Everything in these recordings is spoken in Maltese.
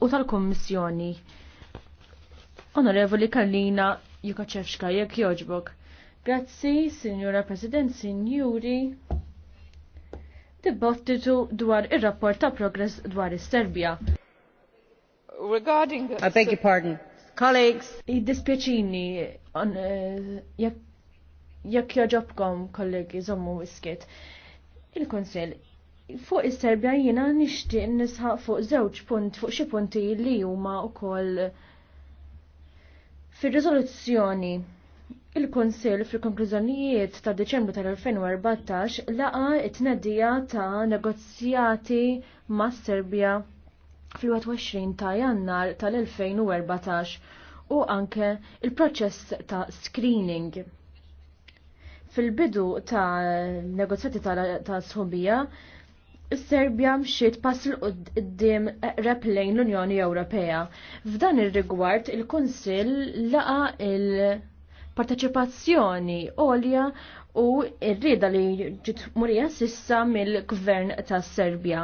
u tal-Kommissjoni. Onorevoli Kallina Jukaċevska, jekk joġbok. Grazzi, Signora President, Signori. Dibattitu dwar ir-rapport ta' progress dwar is-Serbja. Regarding I beg your pardon. Colleagues. Id-dispjaċini eh, jekk jekk joġobkom kollegi żommu wisket. Il-Konsell Fuq is-Serbja jiena nixtieq nisħaq fuq żewġ punt fuq xi punti li huma wkoll fir-riżoluzzjoni il-Kunsill fil-konklużjonijiet ta' Deċembru tal-2014 laqa t tnedija ta' negozjati ma' Serbja fil-21 ta' Jannar tal-2014 u anke il-proċess ta' screening fil-bidu ta' negozjati ta', ta sħobija serbja mxiet pass l qoddim replejn l-Unjoni Ewropea. F'dan ir-rigward il-Kunsill laqa il-parteċipazzjoni għolja u r-rieda li ġiet murija sissa mill-Gvern tas Serbja.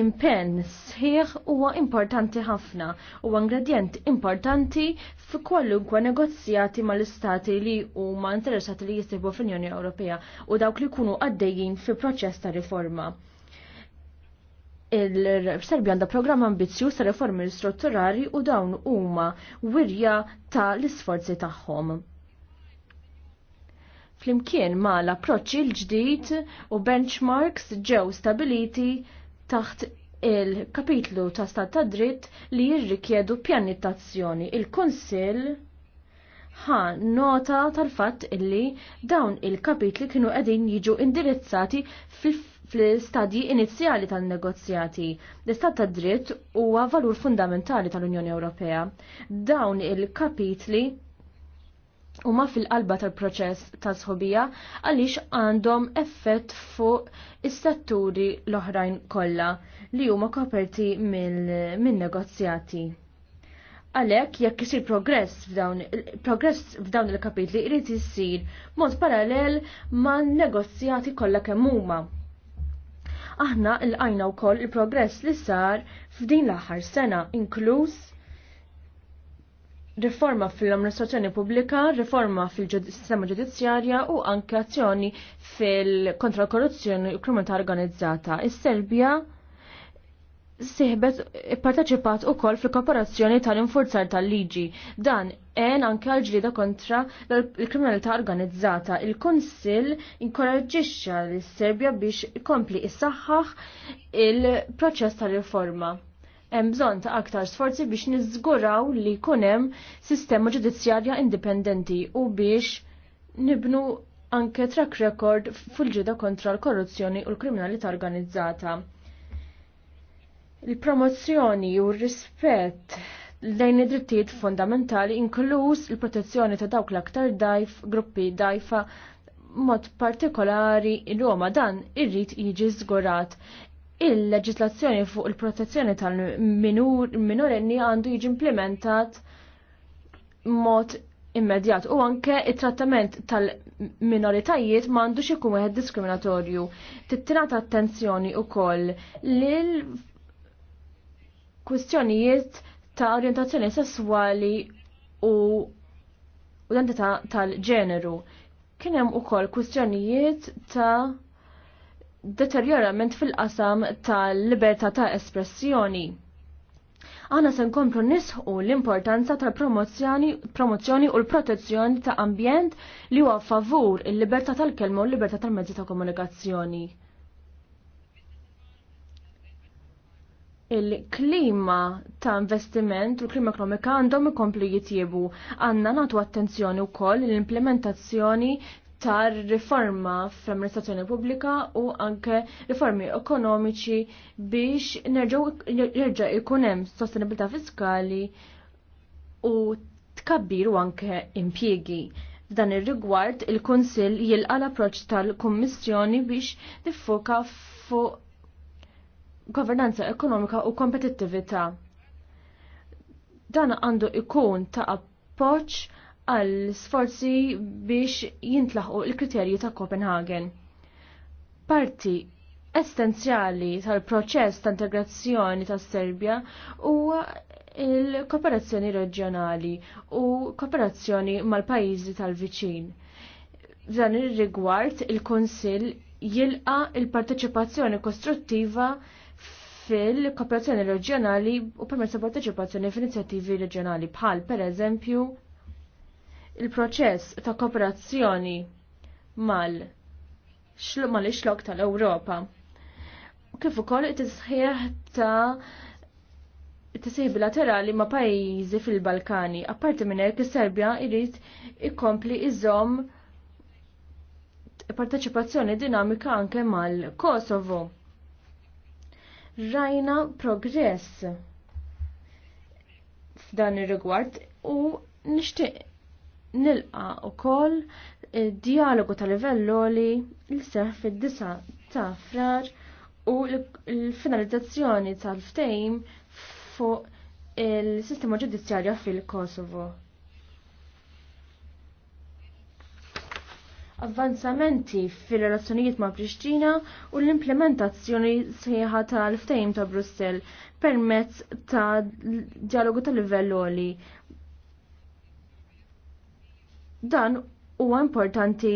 Impenn sħiħ huwa importanti ħafna u ingredient importanti fi negozjati mal-istati li huma interessati li jisibu fl-Unjoni Ewropea u dawk li jkunu għaddejjin fi proċess ta' riforma il-Serbja għandha programm ambizju sa' reformi strutturali u dawn huma wirja ta' l-isforzi tagħhom flimkien ma l-approċċ il-ġdid u benchmarks ġew stabiliti taħt il-kapitlu ta' stat ta' dritt li jirrikjedu pjanitazzjoni. Il-Kunsill ħa nota tal-fatt illi dawn il-kapitli kienu qegħdin jiġu indirizzati fil fl-istadji inizjali tal-negozjati. L-istat ta' dritt huwa valur fundamentali tal-Unjoni Ewropea. Dawn il-kapitli huma fil-qalba tal-proċess ta' sħobija għaliex għandhom effett fuq is-setturi l-oħrajn kollha li huma koperti minn negozjati Għalek, jekk isir progress f'dawn progress f'dawn il-kapitli irid jissir mod parallel ma' negozjati kollha kemm huma Aħna l-għajna u koll il-progress li sar f'din l-aħħar sena, inkluż riforma fil-amministrazzjoni pubblika, riforma fil-sistema ġudizzjarja u anke azzjoni fil-kontra korruzzjoni u kriminalità organizzata. Is-Serbja siħbet parteċipat u kol fil-kooperazzjoni tal-infurzar tal-liġi. Dan en anke għal-ġlida kontra l-kriminalità organizzata. Il-Konsil inkoraġġixxa l-Serbja biex kompli issaħħaħ il-proċess tal-riforma. Hemm bżonn ta' aktar sforzi biex niżguraw li kunem sistema ġudizzjarja indipendenti u biex nibnu anke track record fil-ġida kontra l-korruzzjoni u l-kriminalità organizzata. Il-promozzjoni u r-rispett lejn id-drittijiet fundamentali inkluż il-protezzjoni ta' dawk l-aktar dajf, gruppi dajfa mod partikolari il-Roma dan irrid jiġi żgurat. Il-leġislazzjoni fuq il-protezzjoni tal-minorenni għandu jiġi implementat mod immedjat u anke it-trattament tal-minoritajiet m'għandux ikun wieħed diskriminatorju. Tittinata attenzjoni wkoll lil kwistjonijiet ta' orientazzjoni sessuali u l-entità tal-ġeneru. Kien hemm ukoll kwistjonijiet ta' deterjorament fil-qasam tal-libertà ta' espressjoni. Għana se nkomplu nisħu l-importanza tal-promozzjoni u l-protezzjoni ta' ambjent li huwa favur il-libertà tal-kelma u l-libertà tal-mezzi ta' komunikazzjoni. il-klima ta' investiment u klima ekonomika għandhom ikomplu jitjiebu. Għanna natu attenzjoni u koll l-implementazzjoni ta' riforma fl-amministrazzjoni pubblika u anke riformi ekonomiċi biex nerġa' ikun hemm sostenibilità fiskali u tkabbir u anke impjiegi. F'dan ir-rigward il-Kunsill jilqa l-approċċ tal-Kummissjoni biex tiffoka fuq governanza ekonomika u kompetittività. Dan għandu ikun ta' appoġġ għal sforzi biex jintlaħqu il-kriterji ta' Copenhagen. Parti essenzjali tal-proċess ta' integrazzjoni ta' Serbja huwa il-kooperazzjoni reġjonali u kooperazzjoni mal-pajjiżi tal-viċin. F'dan ir-rigward il-Kunsill jilqa il-parteċipazzjoni kostruttiva fil-kooperazzjoni reġjonali u permezz ta' parteċipazzjoni f'inizjattivi reġjonali bħal per eżempju il-proċess ta' kooperazzjoni mal mal-ixlok tal-Ewropa. Kif ukoll it-tisħiħ ta' tisħiħ bilaterali ma' pajjiżi fil-Balkani. Apparti minn hekk is-Serbja jrid ikompli iżomm parteċipazzjoni dinamika anke mal-Kosovo rajna progress f'dan ir-rigward u nixtieq nilqa ukoll dialogu tal livell li l-seħ fid-disa ta' frar u l-finalizzazzjoni tal-ftejm fuq il-sistema ġudizzjarja fil-Kosovo. avvanzamenti fil-relazzjonijiet ma' Pristina u l-implementazzjoni sħiħa tal ftajim ta' Brussell permezz ta' dialogu ta' livell oli. Dan huwa importanti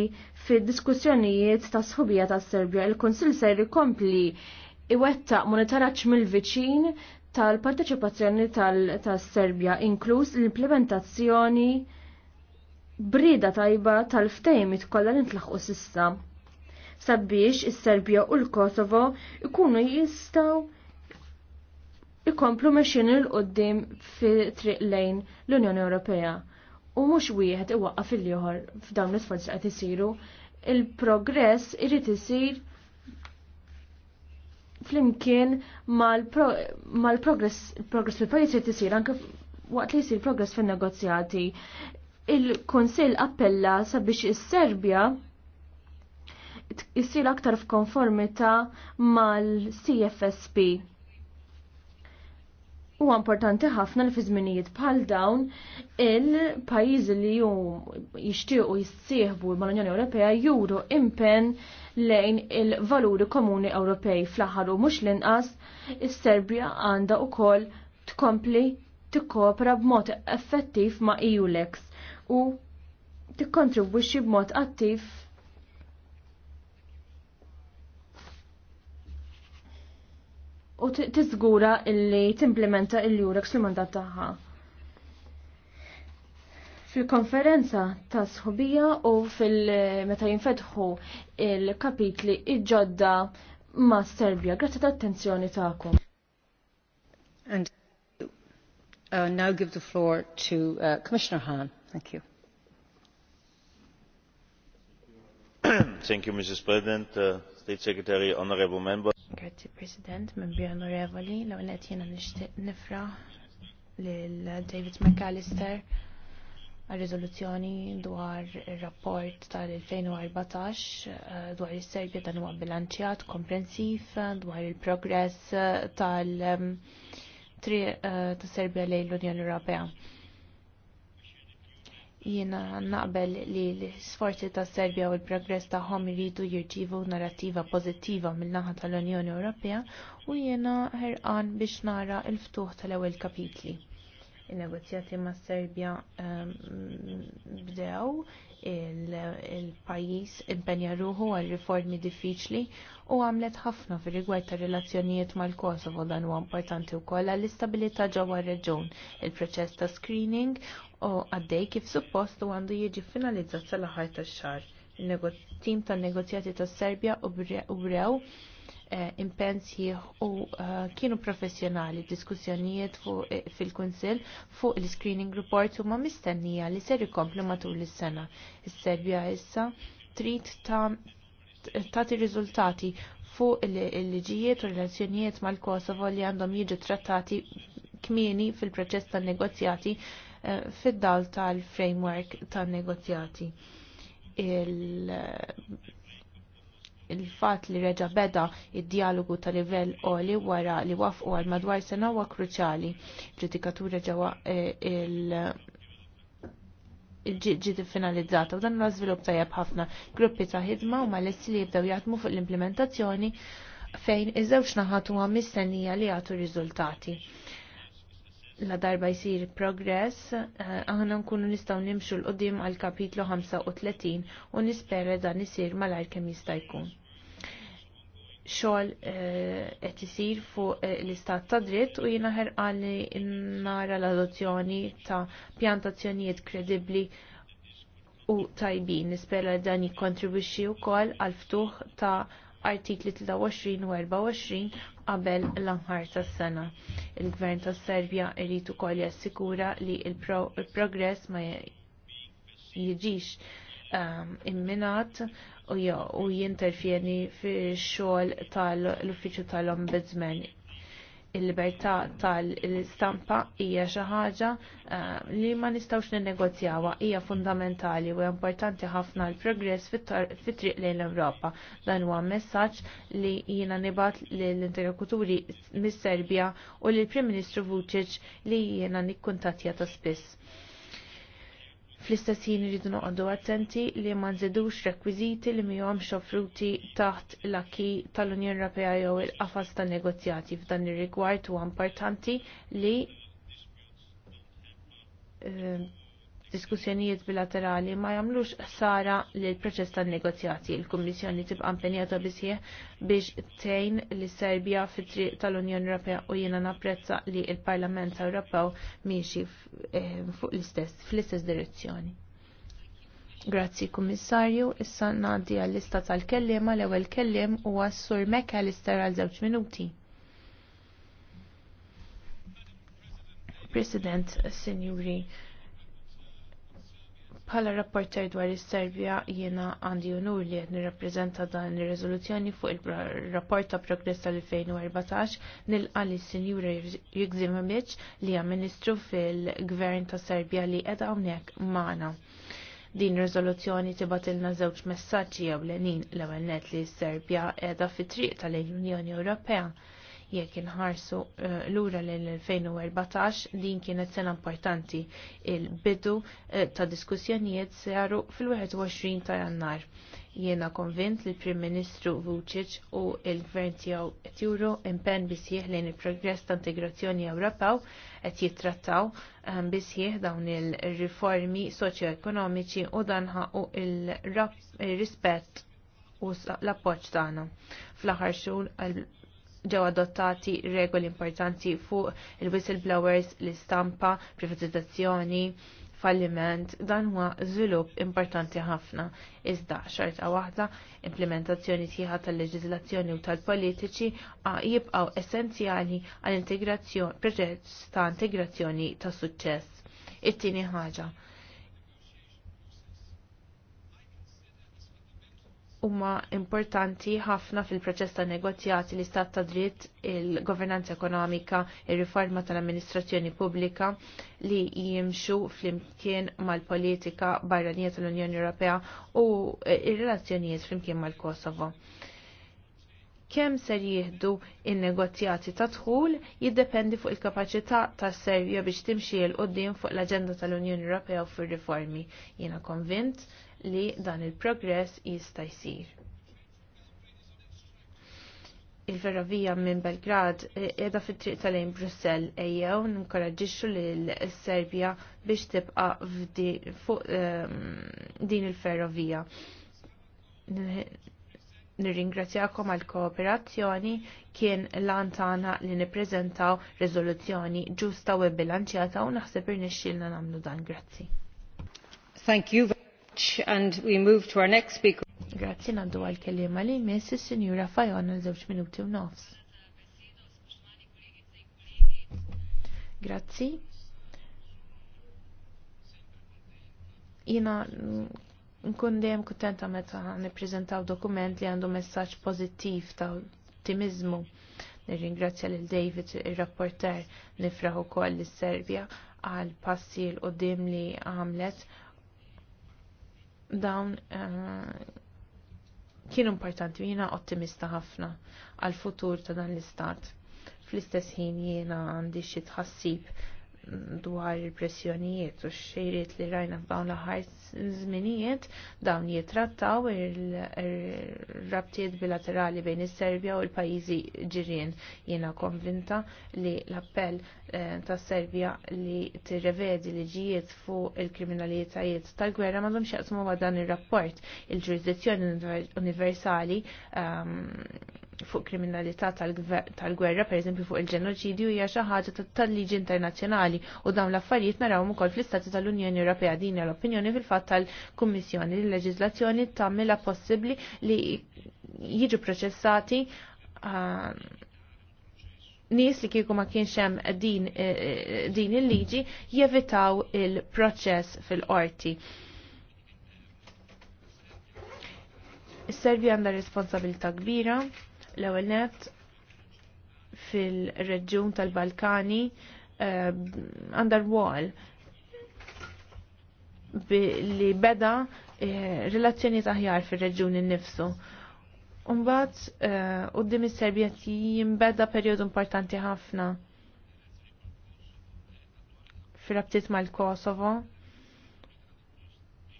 fid-diskussjonijiet ta' sħubija ta' Serbja. Il-Konsil se jkompli iwettaq monitoraġġ mill-viċin tal-parteċipazzjoni tal-Serbja, inkluż l-implementazzjoni brida tajba tal-ftejmit kollha li ntlaħqu s'issa sabiex is-Serbja u l-Kosovo ikunu jistgħu ikomplu mexxin il qoddim fi triq lejn l-Unjoni Ewropea u mhux wieħed iwaqqa fil joħor f'dawn l-isforzi qed isiru il-progress irid isir flimkien mal-progress mal progress fil-pajis irid isir anke waqt li jsir progress fin-negozjati il-Konsil appella sabiex is-Serbja issir aktar f'konformità mal-CFSP. Huwa importanti ħafna li fi żminijiet bħal dawn il-pajjiżi li hum jixtiequ jissieħbu mal-Unjoni Ewropea juru impenn lejn il-valuri komuni Ewropej fl-aħħar u mhux l-inqas is-Serbja għandha wkoll tkompli tikkopra b'mod effettiv ma' EULEX u tikkontribwixxi b'mod attiv u tiżgura illi timplementa il-Jurex fil-mandat tagħha. Fil-konferenza ta' sħubija u fil-meta jinfetħu il-kapitli iġodda ma' Serbia. Grazzi ta' attenzjoni ta'kom. And uh, now give the floor to uh, Commissioner Hahn. Thank you. Thank you, Mrs. President, uh, State Secretary, Honorable Members. Grazie, President, membri onorevoli, l għonet jena nifra lil david McAllister għal-rezoluzzjoni dwar il-rapport tal-2014 uh, dwar il-Serbja dan huwa bilanċjat, komprensiv, uh, dwar il-progress tal-Serbja um, lejn l-Unjoni Ewropea Jiena naqbel li l-sforzi ta' Serbja u l-progress ta' Hom iridu jirċievu narrattiva pożittiva mill-naħa tal-Unjoni Ewropea u jiena ħerqan biex nara l-ftuħ tal-ewwel kapitli. In-negozjati mas Serbja ehm, bdew, il-pajis il impenja ruħu għal riformi diffiċli u għamlet ħafna fir rigward ta' relazzjonijiet mal-Kosovo dan huwa importanti wkoll għall istabilità ġewwa reġun il-proċess ta' screening u għaddej kif suppost u għandu jiġi finalizzat sal-aħħar tax-xahar. Tim tan-negozjati tas-Serbja u brew Eh, impensjih u eh, kienu professjonali diskussjonijiet eh, fil-Kunsill fuq il-screening report u ma mistennija li ser ikomplu matul is-sena. Is-Serbja issa trid tagħti riżultati fuq il-liġijiet u relazzjonijiet mal-Kosovo li għandhom jiġu trattati kmieni fil-proċess tan-negozjati fid-dal tal-framework tan-negozjati il-fat li reġa beda d dialogu ta' livell oli wara li wafqu għal madwar sena huwa kruċjali. Ġudikatura ġewwa eh, il- ġiet finalizzata u dan huwa żvilupp tajjeb ħafna. Gruppi ta' ħidma u mal-essi li jibdew jaħdmu fuq l-implementazzjoni fejn iż-żewġ naħat huma mistennija li jagħtu riżultati la darba jisir progress, eh, aħna nkunu nistaw nimxu l-qoddim għal kapitlu 35 u nispera dan jisir malajr kem jista' jkun. Xogħol eh, qed isir fuq eh, l-istat ta' dritt u jiena ħerqan nara l-adozzjoni ta' pjantazzjonijiet kredibbli u tajbin. Nispera dan jikkontribwixxi wkoll għal ftuħ ta' artikli 23 u 24 qabel l-anħar tas-sena. Il-Gvern tas-Serbja irid ukoll jassikura li l progress ma jiġix um, imminat u, jinterfjeni fi xogħol tal-Uffiċċju tal-Ombudsman il-libertà tal-istampa hija xi ħaġa eh, li ma nistgħux ninnegozjawha hija fundamentali u importanti ħafna l-progress fit-triq lejn l-Ewropa. Dan huwa messaġġ li jiena nibgħat lill-interlokuturi mis-Serbja u lill-Prim Ministru Vučić li jiena nikkuntattja ta' spiss. Fl-istess ħin iridu noqogħdu attenti li ma nżidux rekwiżiti li mihomx offruti taħt l-akki tal-Unjoni Ewropea jew il-qafas tan-negozjati f'dan ir-rigward huwa importanti li eh, diskussjonijiet bilaterali ma jagħmlux sara lill proċess tan-negozjati. Il-Kummissjoni tibqa' impenjata bisieħ biex tgħin li Serbja fit-triq tal-Unjoni Ewropea u jiena napprezza li l-Parlament Ewropew miexi eh, fuq l-istess fl-istess direzzjoni. Grazzi Kummissarju, issa ngħaddi għall-lista tal kelliem l-ewwel kelliem huwa Sur McAllister għal żewġ minuti. President, Signori, Bħala rapporter dwar is-Serbja jiena għandi unur li qed nirrappreżenta dan ir-riżoluzzjoni fuq il-rapport ta' progress tal-2014 nilqa' li sinjura Jigzimovic li hija Ministru fil-Gvern ta' Serbja li qiegħda hawnhekk magħna. Din riżoluzzjoni ilna żewġ messaġġi ewlenin l-ewwel nett li s-Serbja qiegħda fit-triq tal-Unjoni Ewropea jekk inħarsu eh, lura l-2014 din kienet sena importanti il-bidu eh, ta' diskussjonijiet saru fil-21 ta' jannar. Jiena konvint li prim Ministru Vucic u il-Gvern tiegħu qed juru impenn bisjieħ lejn il-progress ta' integrazzjoni Ewropew qed jittrattaw eh, bisjieħ dawn il-riformi ekonomiċi u u il-rispett u l-appoġġ tagħna. Fl-aħħar xhur ġew adottati regoli importanti fuq il-whistleblowers, l-istampa, privatizzazzjoni, falliment, dan huwa żvilupp importanti ħafna. Iżda xorta waħda, implementazzjoni tieħa tal-leġiżlazzjoni u tal-politiċi jibqgħu essenzjali għall għall-integrazzjoni proġett ta' integrazzjoni ta' suċċess. It-tieni ħaġa huma importanti ħafna fil-proċess ta' negozjati l-istat ta' dritt il-governanza ekonomika, il-riforma tal-amministrazzjoni pubblika li jimxu flimkien mal-politika barranija tal-Unjoni Ewropea u eh, il-relazzjonijiet flimkien mal-Kosovo. Kemm ser jieħdu il negozjati ta' dħul jiddependi fuq il-kapaċità ta' servja biex timxi l qoddim fuq l-aġenda tal-Unjoni Ewropea u fir-riformi. Jiena konvint li dan il-progress jista' jsir. Il-ferrovija minn Belgrad e, qiegħda fit-triq tal-lejn Brussell ejjew ninkoraġġixxu lil Serbja biex tibqa' fuq ehm, din il-ferrovija nirringrazzjakom għal kooperazzjoni kien lantana li niprezentaw rezoluzzjoni ġusta u bilanċjata u naħseb irnexxilna nagħmlu dan. Grazzi. Thank you and we move to our next speaker. Grazzi nandu għal kellima li miss is-Sinjura Fajon għal żewġ minuti u nofs. Grazzi. Jina nkun dejjem kuntenta meta nippreżentaw dokument li għandu messaġġ pożittiv ta' ottimizmu. Nirringrazzja lil David ir-rapporter nifraħ ukoll lis-Serbja għal passi l qudiem li għamlet dawn eh, kienu importanti jiena ottimista ħafna għal futur ta' dan l-istat. Fl-istess ħin jiena għandi xi tħassib dwar il-pressjonijiet u xejriet li rajna f'dawn l-aħħar żminijiet dawn jitrattaw ir-rabtiet bilaterali bejn is-Serbja u l-pajjiżi ġirien. Jiena konvinta li l-appell eh, tas Serbja li tirrevedi liġijiet fuq il-kriminalitajiet tal-gwerra m'għandhomx jaqsmu ma' dan ir-rapport il-ġurisdizzjoni universali ehm, fuq kriminalità tal-gwerra, per eżempju fuq il-ġenoċidju, hija xi ħaġa tal-liġi internazzjonali u dawn l-affarijiet narawhom ukoll fl-Istati tal-Unjoni Ewropea din l-opinjoni fil-fatt tal-Kummissjoni li l-leġiżlazzjoni tagħmilha possibbli li jiġu proċessati nies li kieku ma kienx hemm din, e, e, din il-liġi jevitaw il-proċess fil-qorti. is servi għandha responsabilità kbira l-ewwel net fil-reġjun tal-Balkani uh, eh, underwall li beda uh, eh, relazzjoni taħjar fil-reġjun innifsu. Umbat, u uh, eh, is-Serbja jimbeda perjodu importanti ħafna fir-rabtiet mal-Kosovo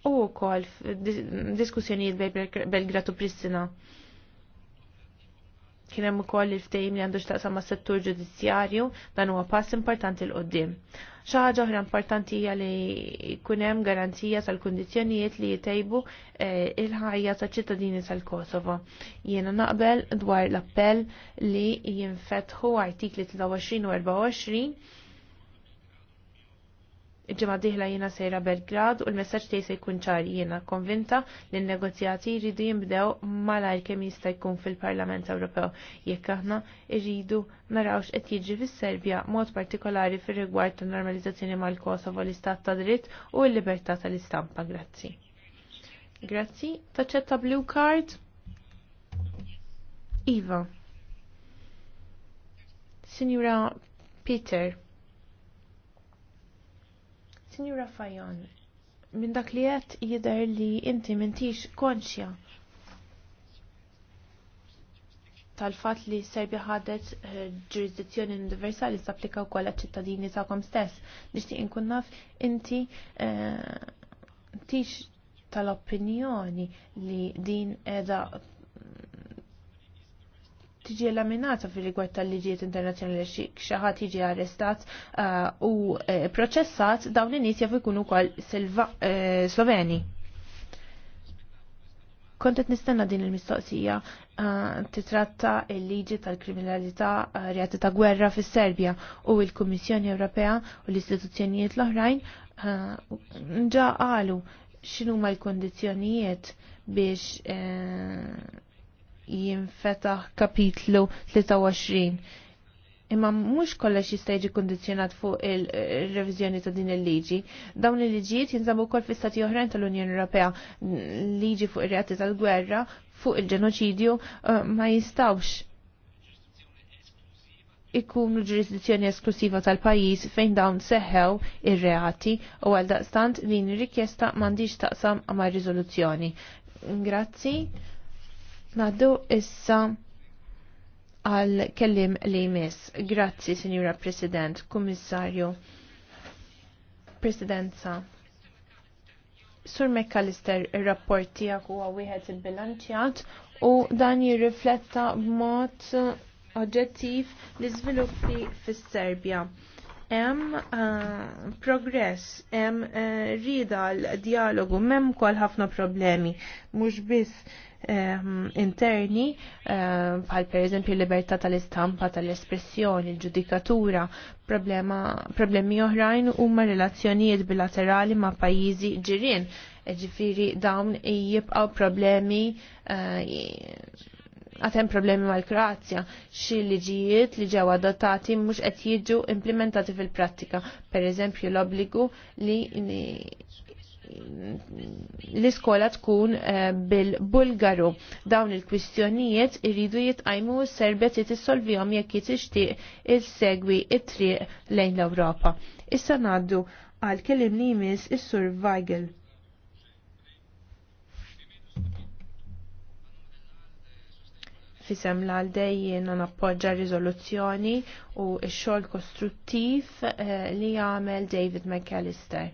u kol diskussjonijiet bel-Gratu u Pristina. Kien hemm ukoll il-ftehim li għandu x'taqsam mas-settur ġudizzjarju dan huwa pass importanti l qoddim Xi ħaġa oħra importanti hija li jkun hemm garanzija tal-kundizzjonijiet li jtejbu eh, il-ħajja taċ-ċittadini tal-Kosovo. Jiena naqbel dwar l-appell li jinfetħu artikli 23 u 24 Ġimma diħla jina sejra Belgrad u l-messagġ tiegħi se jkun ċar jiena konvinta li n-negozjati jridu jinbdew malajr kemm jista' jkun fil-Parlament Ewropew jekk aħna jridu narawx qed jiġi fis-Serbja mod partikolari fir-rigward tan-normalizzazzjoni mal-Kosovo l-istat ta' dritt u l-libertà tal-istampa. Grazzi. Grazzi. Taċċetta blue card? Iva. Signora Peter. Signora Fajon, minn dak li għed jidher li inti m'intix konxja tal-fatt li Serbja ħadet eh, ġurisdizzjoni universali s-applika wkoll għaċ-ċittadini kom stess. Nixtieq inkun naf inti eh, tix tal-opinjoni li din edha tiġi laminata fil rigward tal-liġijiet internazzjonali xi xaħat jiġi arrestat uh, u eh, proċessat dawn in-nies jafu jkunu wkoll eh, Sloveni. Kontet nistenna din il-mistoqsija uh, titratta il-liġi tal-kriminalità uh, reati ta' gwerra fis serbja u il-Kummissjoni Ewropea u l-istituzzjonijiet l-oħrajn ġa qalu x'inhuma l-kondizzjonijiet biex eh, jinfetaħ kapitlu 23. Imma mhux kollox jista' jiġi kundizzjonat fuq il revizjoni ta' din il-liġi. Dawn il-liġijiet jinżabu wkoll fi stati oħrajn tal-Unjoni Ewropea. Liġi fuq ir-reati tal-gwerra, fuq il-ġenoċidju eh, ma jistawx ikkunu ġurisdizzjoni esklusiva tal-pajis fejn dawn seħħew ir-reati u għal daqstant din ir-rikjesta m'għandix taqsam ma' riżoluzzjoni. Grazzi. Naddu issa għal kellim li jmiss. Grazzi, Signora President, Kummissarju, Presidenza. Sur McAllister, il-rapport tijak huwa wieħed il-bilanċjat u dan jirrifletta b'mod oġġettiv l-iżviluppi fis-Serbja hemm uh, progress, hemm uh, rida l-dialogu, mem kol ħafna problemi, mhux biss um, interni eh, bħal uh, per eżempju libertà tal-istampa, tal-espressjoni, l-ġudikatura, problemi oħrajn huma relazzjonijiet bilaterali ma' pajjiżi ġirien. Ġifiri dawn jibqaw problemi uh, għatem problemi mal-Kroazja, xi liġijiet li ġew adottati mhux qed jiġu implementati fil-prattika. Per eżempju l-obbligu li l-iskola tkun eh, bil-Bulgaru. Dawn il-kwistjonijiet iridu jitqajmu s-serbet jtissolvihom jekk jitixtieq il-segwi it-triq lejn l-Ewropa. Issa ngħaddu għal kelim li jmiss is-Sur Weigel. fisem l-għaldejjien għan appoġġa rizoluzzjoni u x-xogħol kostruttiv eh, li għamel David McAllister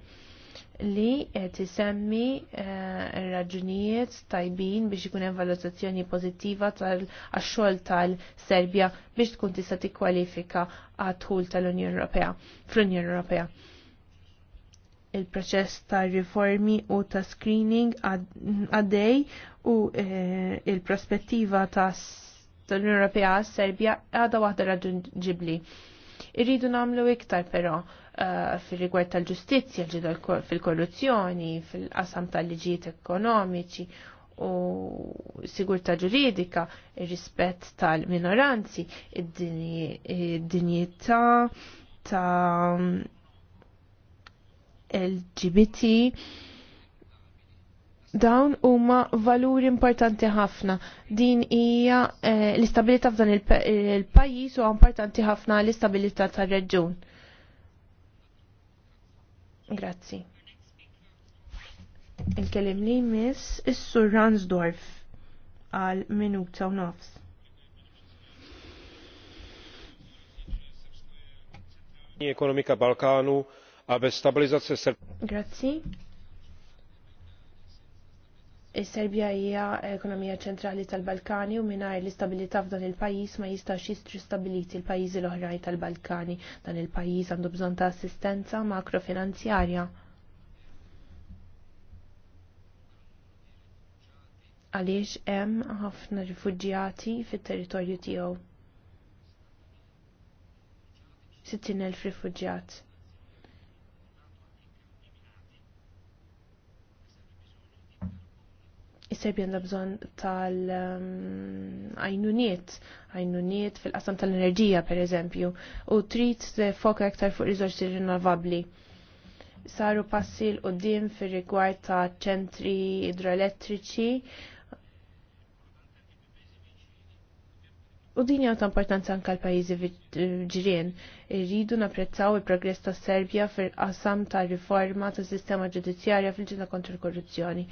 li tisemmi eh, raġunijiet tajbin biex ikun hemm valutazzjoni pożittiva tal-xogħol tal-Serbja biex tkun tista' tikkwalifika għat tal-Unjoni Ewropea fl-Unjoni Ewropea. Il-proċess ta' riformi u ta' screening għaddej u eh, il-prospettiva ta' tal-Unjoni Ewropea għas-Serbja għadha waħda raġunġibli. Irridu namlu iktar però eh, fil-rigward tal-ġustizzja, fil-korruzzjoni, fil-qasam tal-liġijiet ekonomiċi u sigurta ġuridika, rispett tal-minoranzi, id-dinjità ta' LGBT Dawn huma valuri importanti ħafna. Din hija eh, l-istabilità f'dan il-pajjiż huwa importanti ħafna l-istabilità tar-reġjun. Grazzi. Il-kelim li miss is-Sur Ransdorf għal minuta u nofs. ekonomika Balkanu għabe stabilizazzjoni Grazzi is hija ekonomija ċentrali tal-Balkani u mingħajr l-istabilità f'dan il-pajjiż ma jistax jistri stabiliti l-pajjiżi l-oħrajn tal-Balkani. Dan il-pajjiż għandu bżonn ta' assistenza makrofinanzjarja. Għaliex hemm ħafna rifugġjati fit-territorju tiegħu. 60,000 rifugġjati. Is-Serbja għandha bżonn tal-għajnuniet, ehm, għajnuniet fil-qasam tal-enerġija per eżempju, u trid foka aktar fuq riżorsi rinnovabbli. Saru passi l-qoddim fir-rigward ta' ċentri idroelettriċi U din jgħat importanza anka l-pajizi ġirien. Irridu napprezzaw il-progress ta' Serbja fil-qasam ta' riforma ta' sistema ġudizzjarja fil-ġina kontra l-korruzzjoni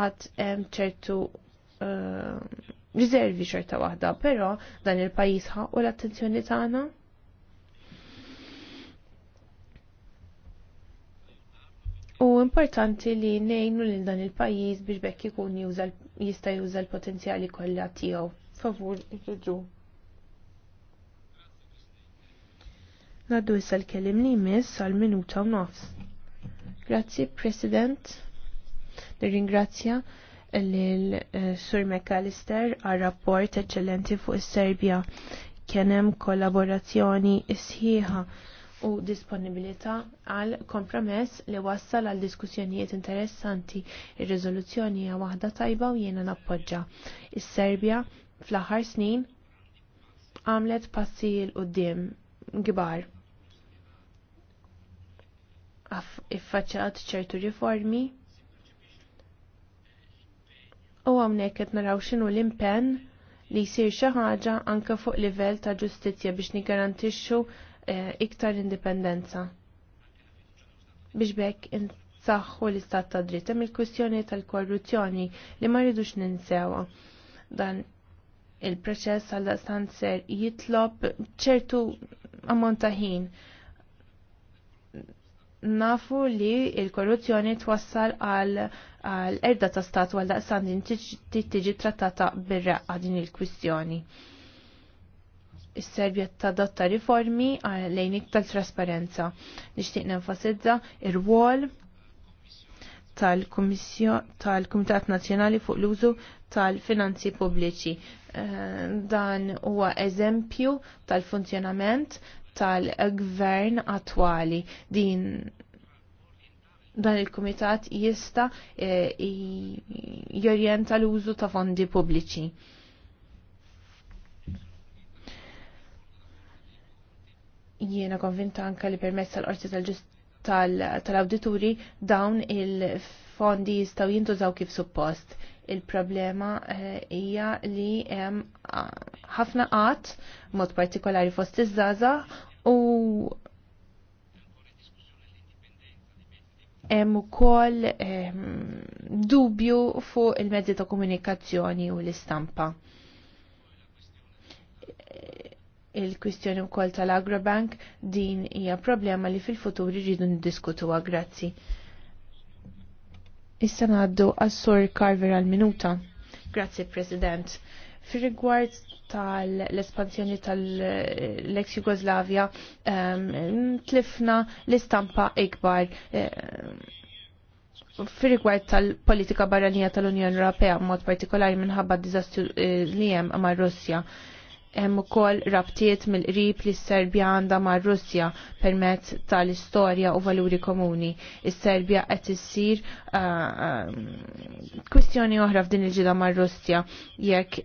għad hemm ċertu eh, riservi ċerta waħda, però dan il-pajis u l-attenzjoni tagħna. U importanti li nejnu lil dan il-pajis biex bekk ikun jista' juża l-potenzjali kollha tiegħu. Favur irridu. Naddu issa l-kellim li jmiss għal minuta u nofs. Grazzi, President. Nirringrazzja l-Sur eh, McAllister għal rapport eċċellenti fuq is-Serbja kien hemm kollaborazzjoni sħiħa u disponibilità għal kompromess li wassal għal diskussjonijiet interessanti. Ir-riżoluzzjoni hija waħda tajba u jiena nappoġġa. Is-Serbja fl-aħħar snin għamlet passi l qudiem gbar. Iffaċċat ċertu riformi U għamnek qed naraw x'inhu l-impenn li jsir xi ħaġa anke fuq livell ta' ġustizzja biex nigarantixxu e, iktar indipendenza. Biex bekk insaħħu l-istat ta' dritt hemm il-kwistjoni tal-korruzzjoni li ma rridux ninsewha. Dan il-proċess għal ser jitlob ċertu ammont ta' ħin nafu li il-korruzzjoni twassal għal erda ta' stat għal daqsandin din tiġi trattata bir għadin din il-kwistjoni. Is-Serbja tadotta riformi lejn tal trasparenza. Nixtieq nenfasizza ir-wol tal-Kumitat Nazzjonali fuq l-użu tal-finanzi pubbliċi. Eh, dan huwa eżempju tal-funzjonament tal-gvern attwali din dan il-Kumitat jista eh, jorjenta l-użu ta' fondi pubbliċi. Jiena konvinta anka li permezz tal-Qorti tal-Awdituri dawn il- fondi jistaw jintużaw kif suppost. Il-problema eh, hija li hemm eh, ħafna qatt mod partikolari fost iż-żaża u hemm ukoll ehm, dubju fuq il-mezzi ta' komunikazzjoni u l-istampa. Il-kwistjoni wkoll tal-Agrobank din hija problema li fil-futur iridu niddiskutuha grazzi. Issa ngħaddu għas-Sur Carver għal-minuta. Grazzi, President. Fir-rigward tal-espansjoni tal-ex Jugoslavia, ehm, tlifna l-istampa ikbar. Ehm, fir-rigward tal-politika barranija tal-Unjoni Ewropea, mod partikolari minħabba d-dizastru eh, li hemm ma' Russja hemm ukoll rabtiet mill-qrib li s-Serbja għandha mar-Russja permezz tal-istorja u valuri komuni. Is-Serbja qed issir uh, um, kwistjoni oħra f'din il-ġida mar-Russja jekk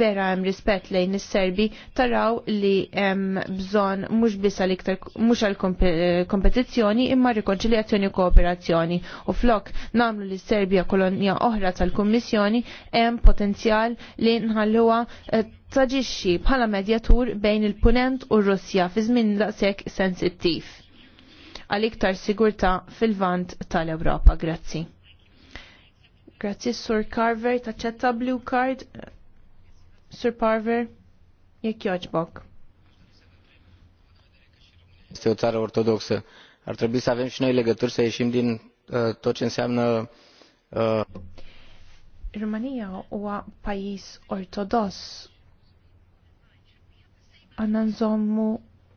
vera hemm rispett lejn is-Serbi taraw li hemm bżonn mhux biss għal-iktar mhux għall-kompetizzjoni imma rikonċiljazzjoni u kooperazzjoni u flok nagħmlu li s-Serbja kolonja oħra tal-Kummissjoni hemm potenzjal li nħalluha eh, taġixxi bħala medjatur bejn il-Punent u r-Russja fi żmien daqshekk sensittiv għal iktar sigurtà fil-vant tal-Ewropa. Grazzi. Grazzi Sur Carver, taċċetta Blue Card. Sur Parver, jekk joġbok. Este tara ortodoksa. Ar trebbi sa' avem și legatur legături să din toċin uh, tot uh, Rumanija huwa pajjiż ortodoss għanna nżommu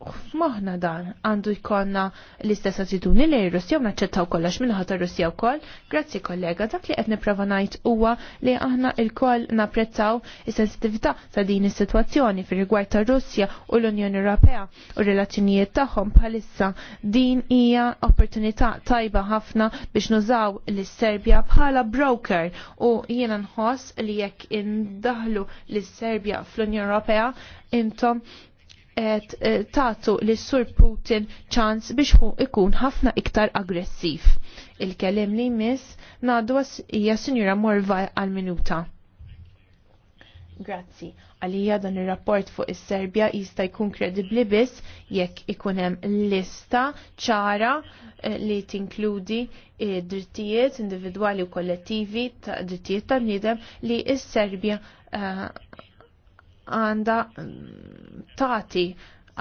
f'moħna dan għandu jkonna l-istess attitudni li r-Russja u naċċettaw kollox minnaħat r-Russja wkoll. Grazzi kollega, dak li qed nipprova ngħid huwa li aħna lkoll napprezzaw is-sensitività ta' din is-sitwazzjoni fir-rigward ta' Russja u l-Unjoni Ewropea u relazzjonijiet tagħhom bħalissa din hija opportunità tajba ħafna biex nużaw lis-Serbja bħala broker u jiena nħoss li jekk indaħlu lis-Serbja fl-Unjoni Ewropea intom et eh, tatu li sur Putin ċans biex ikun ħafna iktar aggressiv. Il-kellim li jmiss nadu hija Sinjura Morva għal-minuta. Grazzi. Għalija dan il-rapport fuq is-Serbja jista' jkun kredibbli biss jekk ikun hemm lista ċara eh, li tinkludi eh, drittijiet individwali u kollettivi ta' drittijiet tal-nidem li s-Serbja għanda mm, tati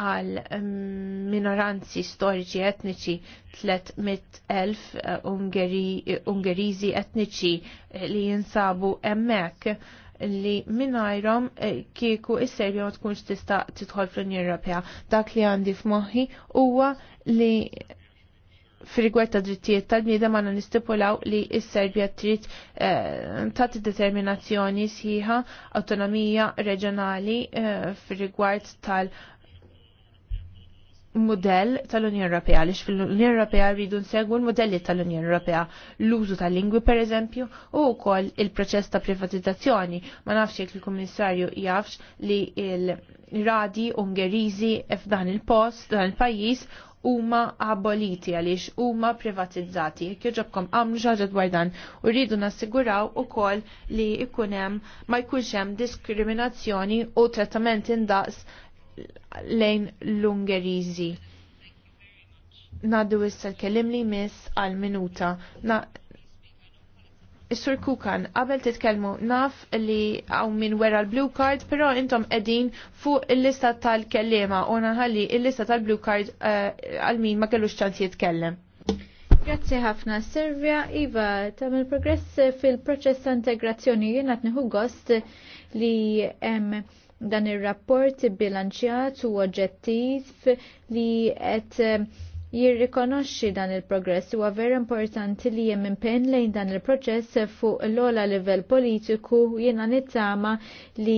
għal mm, minoranzi storiċi etniċi 300.000 eh, eh, Ungerizi etniċi eh, li jinsabu emmek li minajrom kieku is-serja ma tkunx tista' tidħol fl-Unjoni Ewropea. Dak li għandi f'moħħi huwa li fil ta' drittijiet tal-bniedem għandna nistipulaw li s-Serbja trid eh, tagħti determinazzjoni sħiħa autonomija reġjonali eh, fil-rigward tal- modell tal-Unjoni Ewropea, għaliex fil-Unjoni Ewropea rridu nsegwu l-modelli tal-Unjoni Ewropea, l-użu tal-lingwi per eżempju, u wkoll il-proċess ta' privatizzazzjoni. Ma nafx jekk il-Kummissarju jafx li il-radi Ungeriżi f'dan il-post, dan il-pajjiż huma aboliti għaliex huma privatizzati. Kieġobkom għamlu ġaġa dwar dan u rridu nassiguraw ukoll li ikun hemm ma jkunx hemm diskriminazzjoni u trattament indaqs lejn l-Ungeriżi. Nadu issa l-kellim li miss għal minuta. Is-Sur Kukan, qabel titkellmu naf li għaw minn wera l-blue card, però intom edin fuq il-lista tal kellema u naħalli il-lista tal-blue card eh, għal min ma kellux ċans jitkellem. Grazzi ħafna Servja, Iva, tam il-progress fil-proċess ta' integrazzjoni jenat nħu gost li em, dan il-rapport bilanċjat u oġġettiv li għet jirrikonoxxi dan il-progress huwa vera importanti li hemm impenn lejn dan il-proċess fuq l ogħla livell politiku jiena nittama li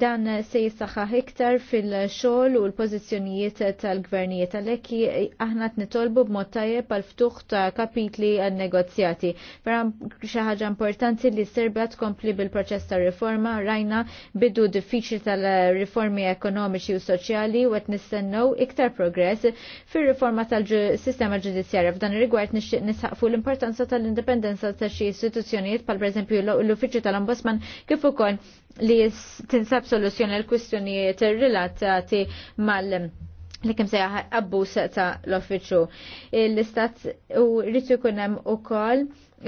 Dan se jissaxħaħ iktar fil-xol u l-pozizjonijiet tal-gvernijiet għalekki aħna t-nitolbu b'mod tajjeb għal-ftuħ ta' kapitli għal-negozjati. Vera xaħġa importanti li Serbia tkompli bil-proċess ta' riforma rajna bidu diffiċli tal-riformi ekonomiċi u soċjali u għet nistennew iktar progress fil-riforma tal-sistema ġudizjarja. F'dan rigward nixtieq nisħaqfu l-importanza tal-indipendenza ta' xi istituzzjonijiet pal preżempju l-Uffiċċju tal-Ombudsman kif ukoll li tinsab soluzzjoni l-kwistjonijiet irrelatati mal- li kem sejħa abbus ta' l-offiċu. L-istat u rritu kunem u kol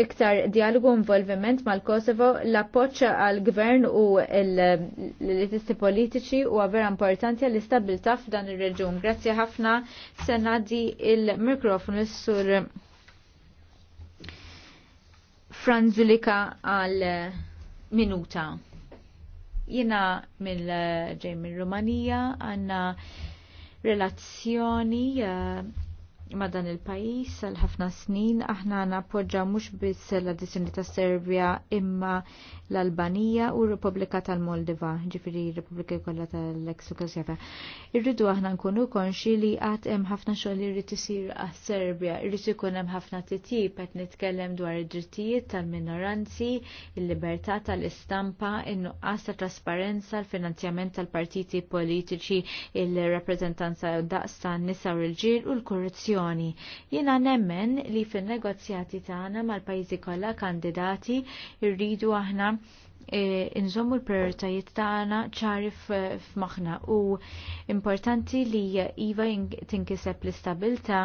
iktar dialogu involviment mal-Kosovo, l-appoċ għal-gvern u l-elitisti politiċi u għavera importanti għall-istabilta f'dan il-reġun. Grazie ħafna senadi il-mikrofonu sur Franzulika għal-minuta jina mill-ġej mill-Rumanija għanna relazzjoni uh, ma' dan il-pajis għal ħafna snin aħna nappoġġa mhux biss la disini ta' Serbja imma l-Albanija u r-Repubblika tal-Moldova, ġifiri Republika repubblika kollha tal-ex Jugoslavja. Irridu aħna nkunu konxi li qatt hemm ħafna xogħol irid isir għas-Serbja, irrid ikun hemm ħafna titjib qed nitkellem dwar id-drittijiet tal-minoranzi, il-libertà tal-istampa, in-nuqqas ta' trasparenza, l-finanzjament tal-partiti politiċi, il-rappreżentanza daqs n nisa u l-ġiel u l-korruzzjoni kwistjoni. Jiena nemmen li fin-negozjati tagħna mal-pajjiżi kollha kandidati rridu aħna e, nżommu l-prioritajiet tagħna ċari f'maħna u importanti li iva tinkiseb l-istabilta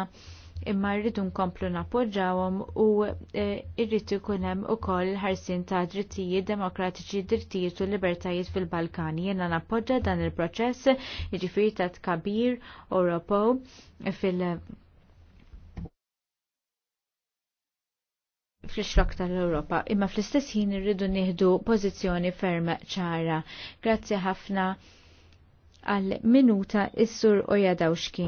imma rridu nkomplu nappoġġawhom u e, rrid ikun hemm ukoll ħarsien ta' drittijiet demokratiċi, drittijiet u libertajiet fil-Balkani. Jiena nappoġġa dan il-proċess jiġifieri ta' tkabir Ewropew fil- fl ixrok tal-Europa, imma fl-istess ħin irridu nieħdu pożizzjoni ferma ċara. Grazzi ħafna għal minuta is-sur Ojadawxki.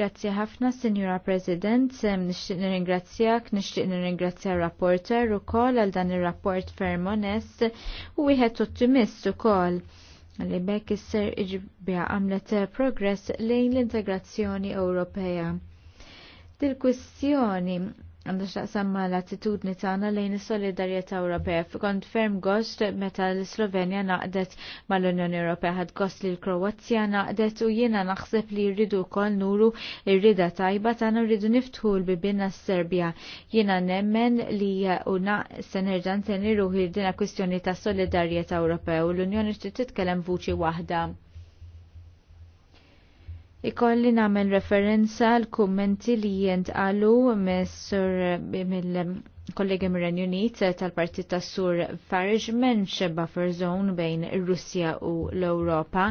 Grazzi ħafna, Signora President, nixtieq nirringrazzjak, nixtieq nirringrazzja rapporter ukoll għal dan ir-rapport ferm onest u wieħed ottimist ukoll li bekk isser iġbija għamlet progress lejn l-integrazzjoni Ewropea il kwistjoni għandu xaqsam ma l-attitudni tagħna lejn is-solidarjetà Ewropea. Kont ferm gost meta l-Slovenja naqdet mal-Unjoni Ewropea ħad gost li l-Kroazja naqdet u jiena naħseb li rridu wkoll nuru rrida tajba tagħna rridu niftħu l-bibina s-Serbja. Jiena nemmen li u se nerġa' nteni ruħi dina kwistjoni ta' solidarjetà Ewropea u l-Unjoni trid titkellem vuċi waħda. Ikolli namel referenza l-kummenti li jent għalu messur mill-kollegi mir Unit tal-partit tas sur Farage menx buffer zone bejn Russja u l-Europa.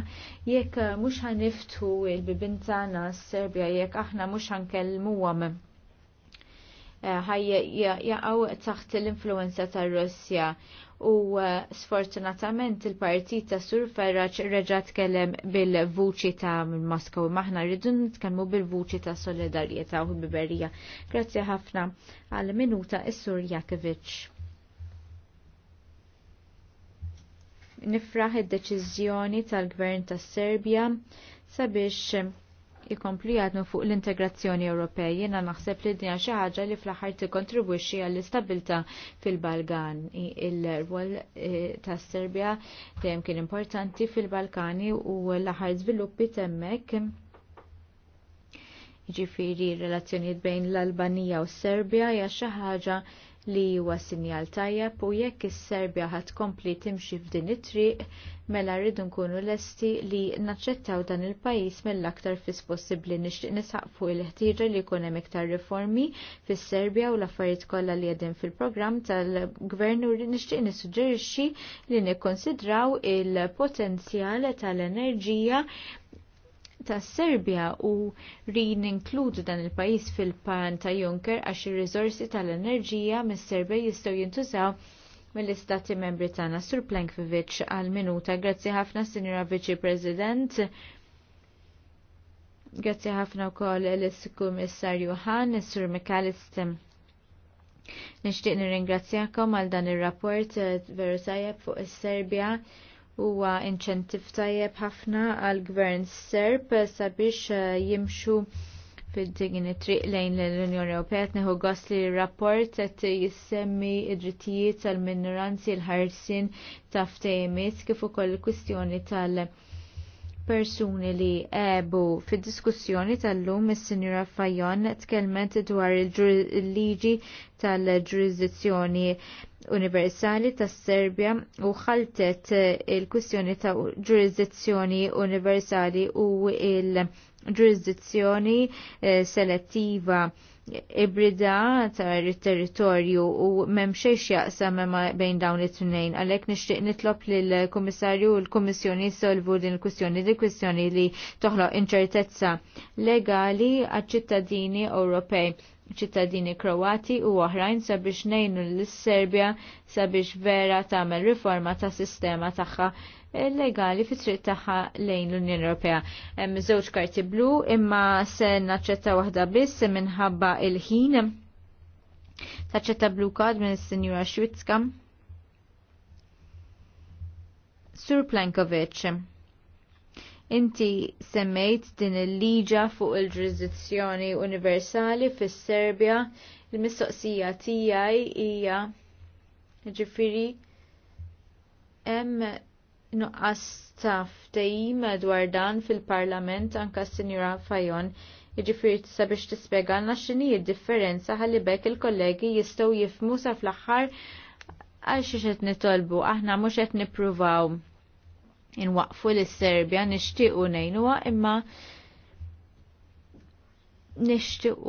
Jekk eh, mux ħaniftu il-bibin tagħna s-Serbja jekk aħna mux ħankellmuhom eh, ħajja jaqgħu taħt l-influenza tar-Russja u eh, sfortunatament il-partit ta' Sur Ferraċ reġa tkellem bil-vuċi ta' Moskow. Maħna rridu nitkellmu bil-vuċi ta' solidarjetà u biberija. Grazzi ħafna għal minuta is-Sur Jakovic. Nifraħ id-deċiżjoni tal-Gvern tas Serbja sabiex ikompli għadnu fuq l-integrazzjoni Ewropej, jena naħseb li dinja xi ħaġa li fl-aħħar tikkontribwixxi għall-istabilta fil-Balgan. Il-rwol e, ta' Serbja dejjem kien importanti fil-Balkani u l-aħħar żviluppi temmek ġifiri relazzjonijiet bejn l-Albanija u Serbja hija xi ħaġa li huwa sinjal tajjeb u jekk is-Serbja ħad kompli timxi f'din it-triq, mela rridu nkunu lesti li naċċettaw dan il-pajjiż mill-aktar fis possibbli nixtieq nisaq fuq il-ħtieġa li jkun hemm iktar riformi fis-Serbja u l-affarijiet kollha li qegħdin fil-programm tal-Gvern u nixtieq nissuġġerixxi li nikkonsidraw il-potenzjal tal-enerġija ta' Serbia u rin inkludu dan il-pajis fil-pan ta' Juncker għax ir-riżorsi tal-enerġija mis-Serbja jistgħu jintużaw mill-istati membri tagħna Sur Plankvivic għal minuta. Grazzi ħafna Sinjora Viċi President. Grazzi ħafna wkoll l-Kummissarju Han, Sur McAllister. Nixtieq nirringrazzjakom għal dan ir-rapport eh, veru tajjeb fuq is-Serbja huwa inċentif tajjeb ħafna għal gvern Serb sabiex eh, jimxu fid-digin it-triq lejn l-Unjoni Ewropea tneħu gost li rapport qed jissemmi id-drittijiet tal-minoranzi l-ħarsin ta' ftehimiet kif ukoll il kwistjoni tal- persuni li ebu fid-diskussjoni tal-lum is-Sinjura Fajon tkellmet dwar il-liġi tal-ġurisdizzjoni Universali tas Serbja u ħaltet il-kwistjoni ta' ġurisdizzjoni universali u il-ġurisdizzjoni eh, selettiva ibrida tar territorju u mem jaqsam ma bejn dawn it-tnejn. Għalek nixtieq nitlob lil komissarju u l-Kummissjoni solvu din il-kwistjoni, din kwistjoni li toħloq inċertezza legali għaċ-ċittadini Ewropej ċittadini Kroati u oħrajn sabiex nejnu l-Serbja sabiex vera tagħmel riforma ta' sistema tagħha legali fi triq tagħha lejn l-Unjoni Ewropea. Hemm żewġ karti blu imma se naċċetta waħda biss minħabba il-ħin. Taċċetta blu kod minn is-Sinjura Xwitzka. Sur Plankovic. Inti semmejt din il-liġa fuq il-ġurisdizzjoni universali fis serbja il-mistoqsija tiegħi hija ġifiri hemm nuqqas taf tejjim dwar dan fil-Parlament anka s-Sinjura Fajon Jiġifieri sabiex biex tispjegalna x'inhi d-differenza ħalli bekk il-kollegi jistgħu jifhmu sa fl-aħħar għal xi qed nitolbu aħna mhux qed nippruvaw inwaqfu l-Serbja nixtiequ nejnuha imma nixtiequ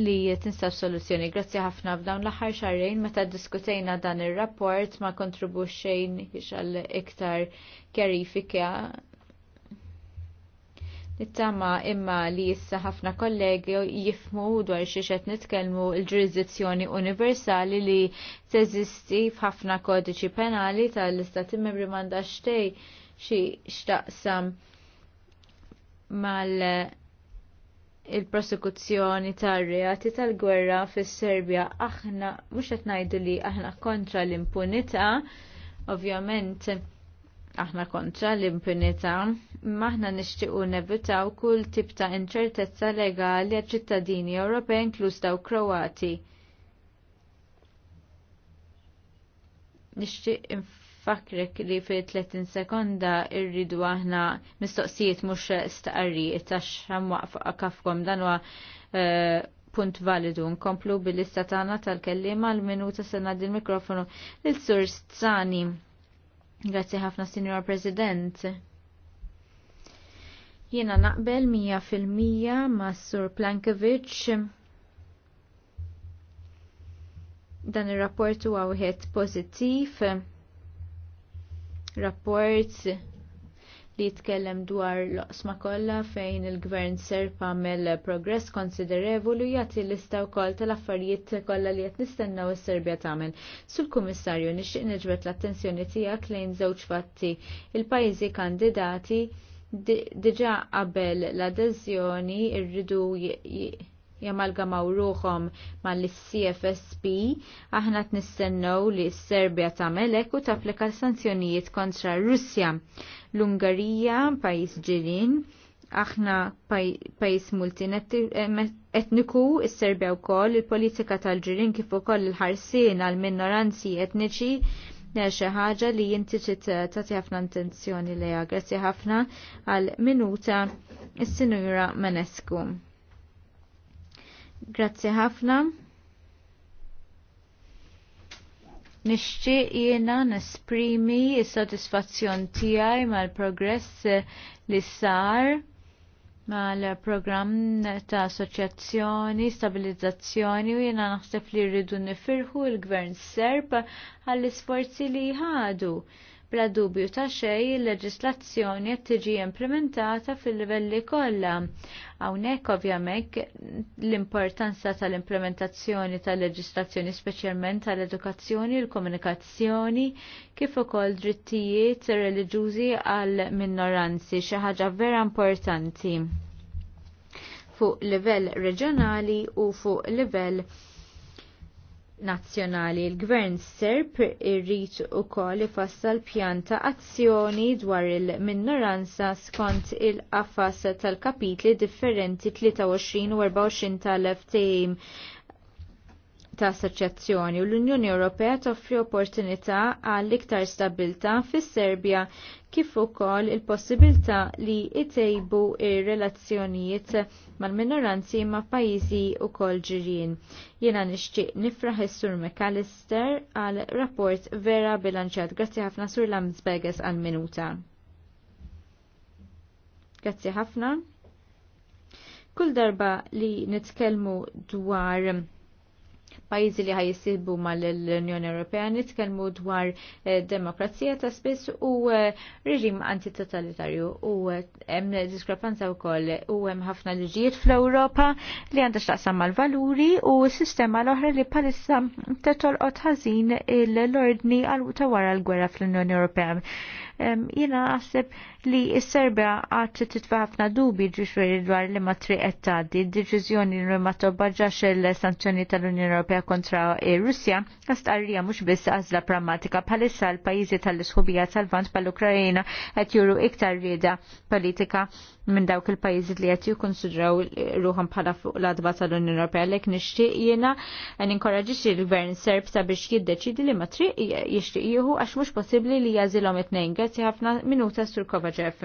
li tinsab soluzzjoni. Grazzi ħafna f'dawn l-aħħar xarrejn meta diskutejna dan ir-rapport ma kontribuxxejn għal iktar kjarifika Nittama imma li jissa ħafna kollegi jifmu dwar xiexet nitkelmu il-ġurisdizzjoni universali li teżisti f'ħafna kodiċi penali tal-istati membri manda xtej xi xtaqsam mal il-prosekuzzjoni tar-reati tal-gwerra fis-Serbja aħna mhux qed ngħidu li aħna kontra l-impunità, ovvjament aħna kontra l-impunità, maħna nixtiequ nevitaw kull tip ta' inċertezza legali għal ċittadini Ewropej inkluż daw Kroati. Nixtieq infakrek li fi 30 sekonda irridu aħna mistoqsijiet mhux staqarrijiet għax hemm waqfa kafkom dan huwa eh, punt validu nkomplu bil-lista tagħna tal-kellima l-minuta se ngħaddi l-mikrofonu lil Sur Tsani. Grazzi ħafna, Signor President. Jiena naqbel 100% ma' Sur Plankovic dan ir-rapport huwa wieħed pożittiv. Rapport li jitkellem dwar l osma kollha fejn il-Gvern Serb għamel progress konsiderevoli jagħti lista wkoll tal-affarijiet kollha li qed nistennew is-Serbja tagħmel. Sul-Kummissarju nixtieq niġbed l-attenzjoni tiegħek lejn żewġ fatti. Il-pajjiżi kandidati diġa qabel l-adeżjoni irridu jamalgamaw ruħom mal-CFSP, aħna t-nistennow li s-Serbja melek u tapplika sanzjonijiet kontra Russja. L-Ungarija, pajis ġilin, aħna pajis multinetniku, eh, s-Serbja u koll, il-politika tal ġilin kif u koll il-ħarsin għal-minoranzi etniċi, xi ħaġa li trid tagħti ħafna intenzjoni lejha. Grazzi ħafna għal minuta is-Sinura Manescu. Grazzi ħafna. Nixtieq jiena nesprimi s-sodisfazzjon tiegħi mal-progress li sar mal-programm ta' assoċjazzjoni, stabilizzazzjoni u jena naħseb li rridu nifirħu l-gvern serb għall-isforzi li ħadu Bla dubju ta' xej, il-leġislazzjoni qed tiġi implementata fil-livelli kollha. Hawnhekk ovvjament l-importanza tal-implementazzjoni tal-leġislazzjoni speċjalment tal-edukazzjoni, l-komunikazzjoni, kif ukoll drittijiet reliġjużi għal minoranzi xi ħaġa vera importanti fuq livell reġjonali u fuq livell nazzjonali. Il-Gvern Serb irrid ukoll ifassal pjanta azzjoni dwar il-minoranza skont il-qafas tal-kapitli differenti 23 u 24 tal-ftehim ta' assoċjazzjoni u l-Unjoni Ewropea toffri opportunità għall iktar stabilità fis-Serbja kif ukoll il-possibilità li jtejbu ir-relazzjonijiet mal-minoranzi ma' pajjiżi ukoll ġirien. Jiena nixtieq nifraħ is-Sur McAllister għal rapport vera bilanċjat. Grazzi ħafna Sur Lamsbeges għal minuta. Grazzi ħafna. Kull darba li nitkellmu dwar pajizi li ħajjisibu mal-Unjoni Ewropea nitkellmu dwar eh, demokrazija ta' spiss u eh, reġim antitotalitarju u eh, hemm diskrepanza wkoll u hemm ħafna liġijiet fl-Ewropa li għandha x'taqsam mal-valuri u s-sistema l-oħra li palissa tetolqot ħażin l-ordni għal ta' wara l-gwerra fl-Unjoni Ewropea jina naħseb li s-Serbja għat titfa' ħafna dubi ġiġri dwar li ma triqet tgħaddi d-deċiżjoni li ma tobbaġax il-sanzjoni tal-Unjoni Ewropea kontra Russja għastqarrija mhux biss għażla prammatika bħalissa l-pajjiżi tal-isħubija tal-Vant pal ukrajina qed juru iktar rieda politika minn dawk il-pajjiżi li qed jikkonsidraw ruħhom bħala fuq l-adba tal-Unjoni Ewropea lek nixtieq jiena ninkoraġġixxi l-Gvern Serb sabiex jiddeċidi li ma triq jixtieq jieħu għax mhux possibbli li jażilhom it-tnejn. Grazzi ħafna minuta sur Kovaġef.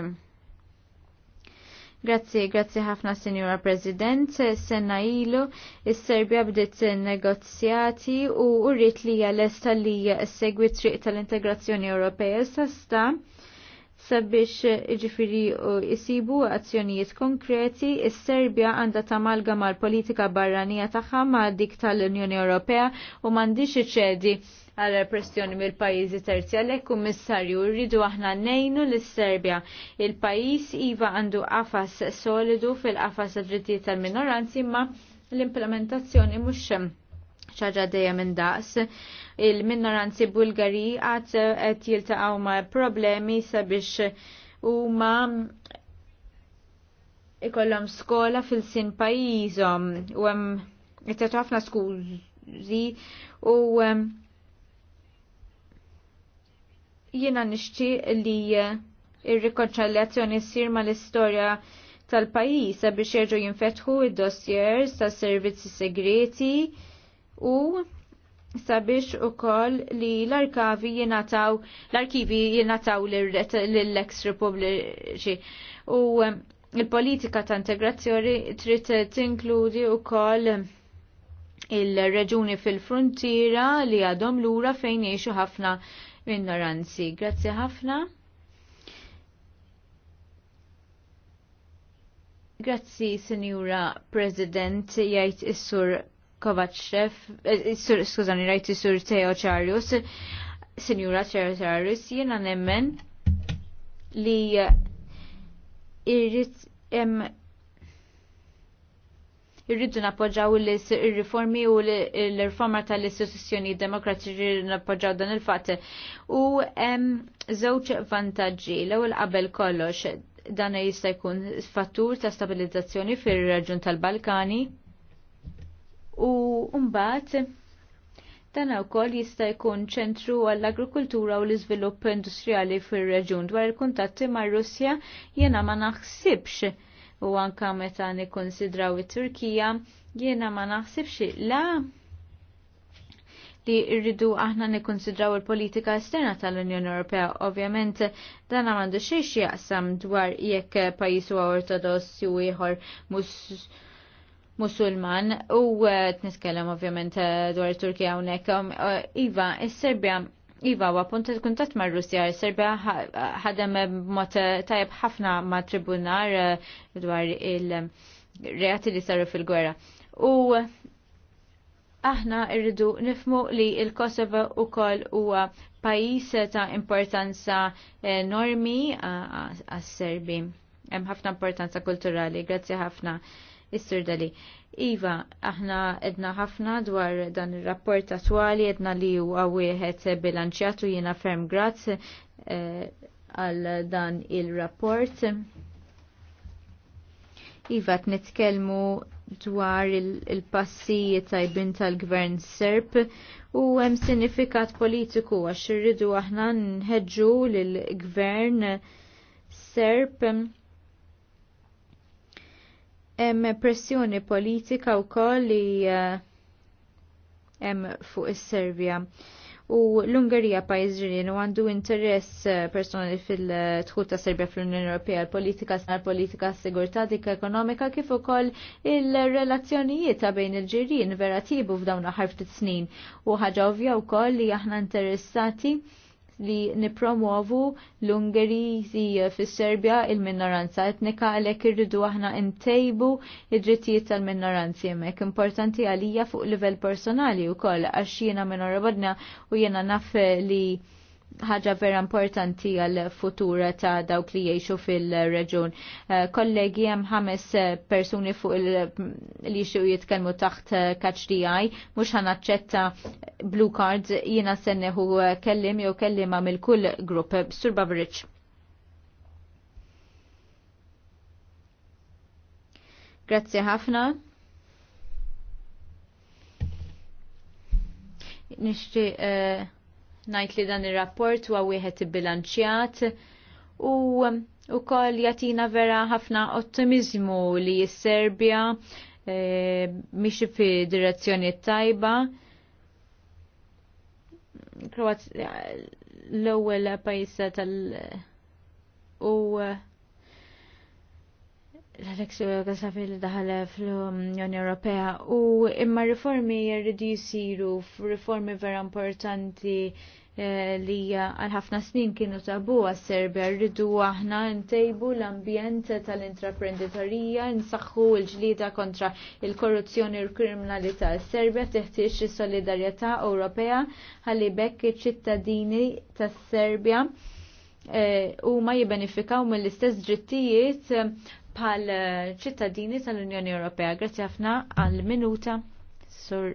Grazzi, grazzi ħafna Sinjora President. Senna ilu, il serbja bdiet negozjati u rrit li hija lesta li segwi triq tal-integrazzjoni Ewropea sasta sabiex eh, iġifiri jisibu azzjonijiet konkreti, is-Serbja għandha tamalga mal-politika barranija tagħha ma' dik tal-Unjoni Ewropea u m'għandix iċedi għal repressjoni mill pajjiżi terzi għalhekk kummissarju rridu aħna nejnu l serbja Il-pajjiż iva għandu qafas solidu fil-qafas drittijiet tal-minoranzi ma l-implementazzjoni mhux ċaġa dejjem daqs il-minoranzi bulgari għat għet eh, jiltaqaw ma' problemi sabiex u ma' ikollom skola fil-sin pajizom u għem ħafna skużi u eh, jina nishti li eh, ir-rikonċaljazzjoni ssir ma l-istorja tal-pajis sabiex jirġu jinfetħu id-dossiers tas servizzi segreti u sabiex u koll li l-arkavi jenataw, l-arkivi jenataw l-ex republiċi. U il-politika ta' integrazzjoni trid tinkludi u koll il-reġuni fil-frontiera li għadhom lura fejn jiexu ħafna minnoranzi. Grazzi ħafna. Grazzi, Signora President, jgħid is-Sur Kovacev, eh, eh, skużani, rajti sur Teo senjura Sinjura Charius, jena nemmen li eh, irrit irridu nappoġġaw il-riformi u l-riforma tal-istituzzjoni demokratiċi napoġaw dan il-fatt. U żewġ vantaġġi l-ewwel qabel kollox dan jista' jkun fattur ta' stabilizzazzjoni fir raġun tal-Balkani u mbagħad dan ukoll jista' jkun ċentru għall agrikultura u l-iżvilupp industrijali fir-reġjun dwar il-kuntatti mar-Russja jiena ma naħsibx u anka meta nikkonsidraw it-Turkija jiena ma naħsibx la li rridu aħna nikkonsidraw il-politika esterna tal-Unjoni Ewropea. Ovvjament dan m'għandu xiex jaqsam dwar jekk pajjiż huwa ortodossi u ieħor mus Musulman u t-niskellem ovvjament dwar Turkija unek. Iva, il-Serbia Iva, wa il kuntat ma' il Serbia ħadem mot tajab ħafna ma' tribunar dwar il-reati li saru fil-gwerra. U aħna irridu nifmu li il-Kosovo u kol huwa pajis ta' importanza enormi għas-Serbi. Hemm ħafna importanza kulturali, grazzi ħafna is sirdali Iva, aħna edna ħafna dwar dan il-rapport attwali edna li huwa wieħed bilanċjatu jiena ferm graz eh, għal dan il-rapport. Iva, t-nitkelmu dwar il-passijiet il tajbin tal-gvern serp u hemm sinifikat politiku għax irridu aħna nħeġġu lill-gvern serp hemm pressjoni politika wkoll li eh, hemm fuq is-Serbja. U l-Ungerija pajjiż u għandu interess eh, personali fil-tħul ta' Serbja fl-Unjoni Ewropea, l-politika sar politika sigurtà dik ekonomika kif ukoll il-relazzjonijiet ta' bejn il-ġirien vera tibu f'dawn aħar ftit snin u ħaġa ovvja wkoll li aħna interessati li nipromovu l-Ungerizi fis-Serbja il-minoranza etnika għalhekk irridu aħna ntejbu id-drittijiet tal-minoranzi hemmhekk importanti għalija fuq livell personali wkoll għax jiena minorabarna u jiena naf li ħaġa vera importanti għal futura ta' dawk li jiexu fil-reġun. Eh, kollegi hemm ħames eh, persuni fuq li xew jitkelmu taħt eh, catch DI, mhux ħanaċċetta blue cards jiena senneħu kellim jew kellima mill-kull grupp. Sur Babrich. Grazzi ħafna. Nishti, uh Najt li dan ir-rapport huwa wieħed ibbilanċjat u wkoll um, jagħtina vera ħafna ottimiżmu li s-Serbja e, eh, mixi fi direzzjoni tajba. Kroat l-ewwel pajjiż tal- u eh, l-Alex Gasafi li daħal fl-Unjoni Ewropea u imma riformi jirridu jisiru riformi vera importanti eh, li għal ħafna snin kienu tabu għas-Serbja rridu aħna ntejbu l-ambjent tal-intraprenditorija, nsaħħu l-ġlida kontra il-korruzzjoni u l-kriminalità. Serbja teħtiex is-solidarjetà Ewropea ħalli bekk iċ-ċittadini tas-Serbja Eh, u ma jibenifikaw mill-istess drittijiet bħal eh, ċittadini tal-Unjoni Ewropea. Grazzi ħafna għal minuta sur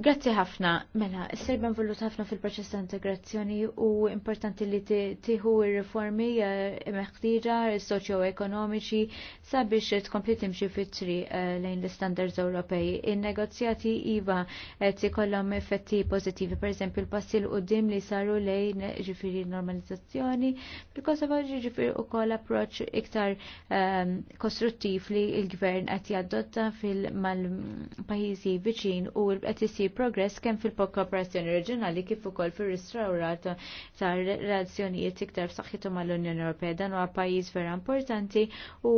Grazzi ħafna, mela, s-serba involut ħafna fil-proċess ta' integrazzjoni u importanti li tiħu il-reformi eh, il soċio-ekonomiċi sabiex tkompli timxi fitri eh, lejn l-standards Ewropej. Il-negozjati IVA eh, ti kollom effetti pozittivi, per eżempju, l-passi l-qoddim li saru lejn ġifiri normalizzazzjoni, bil-Kosovo ġifiri u koll approċ iktar ehm, kostruttiv li il-gvern għati għaddotta fil-mal-pajizi viċin u l-għati progress kemm fil-kooperazzjoni reġjonali kif ukoll fir-ristrawrat ta' relazzjonijiet iktar f'saħħithom mal-Unjoni Ewropea dan huwa pajjiż vera importanti u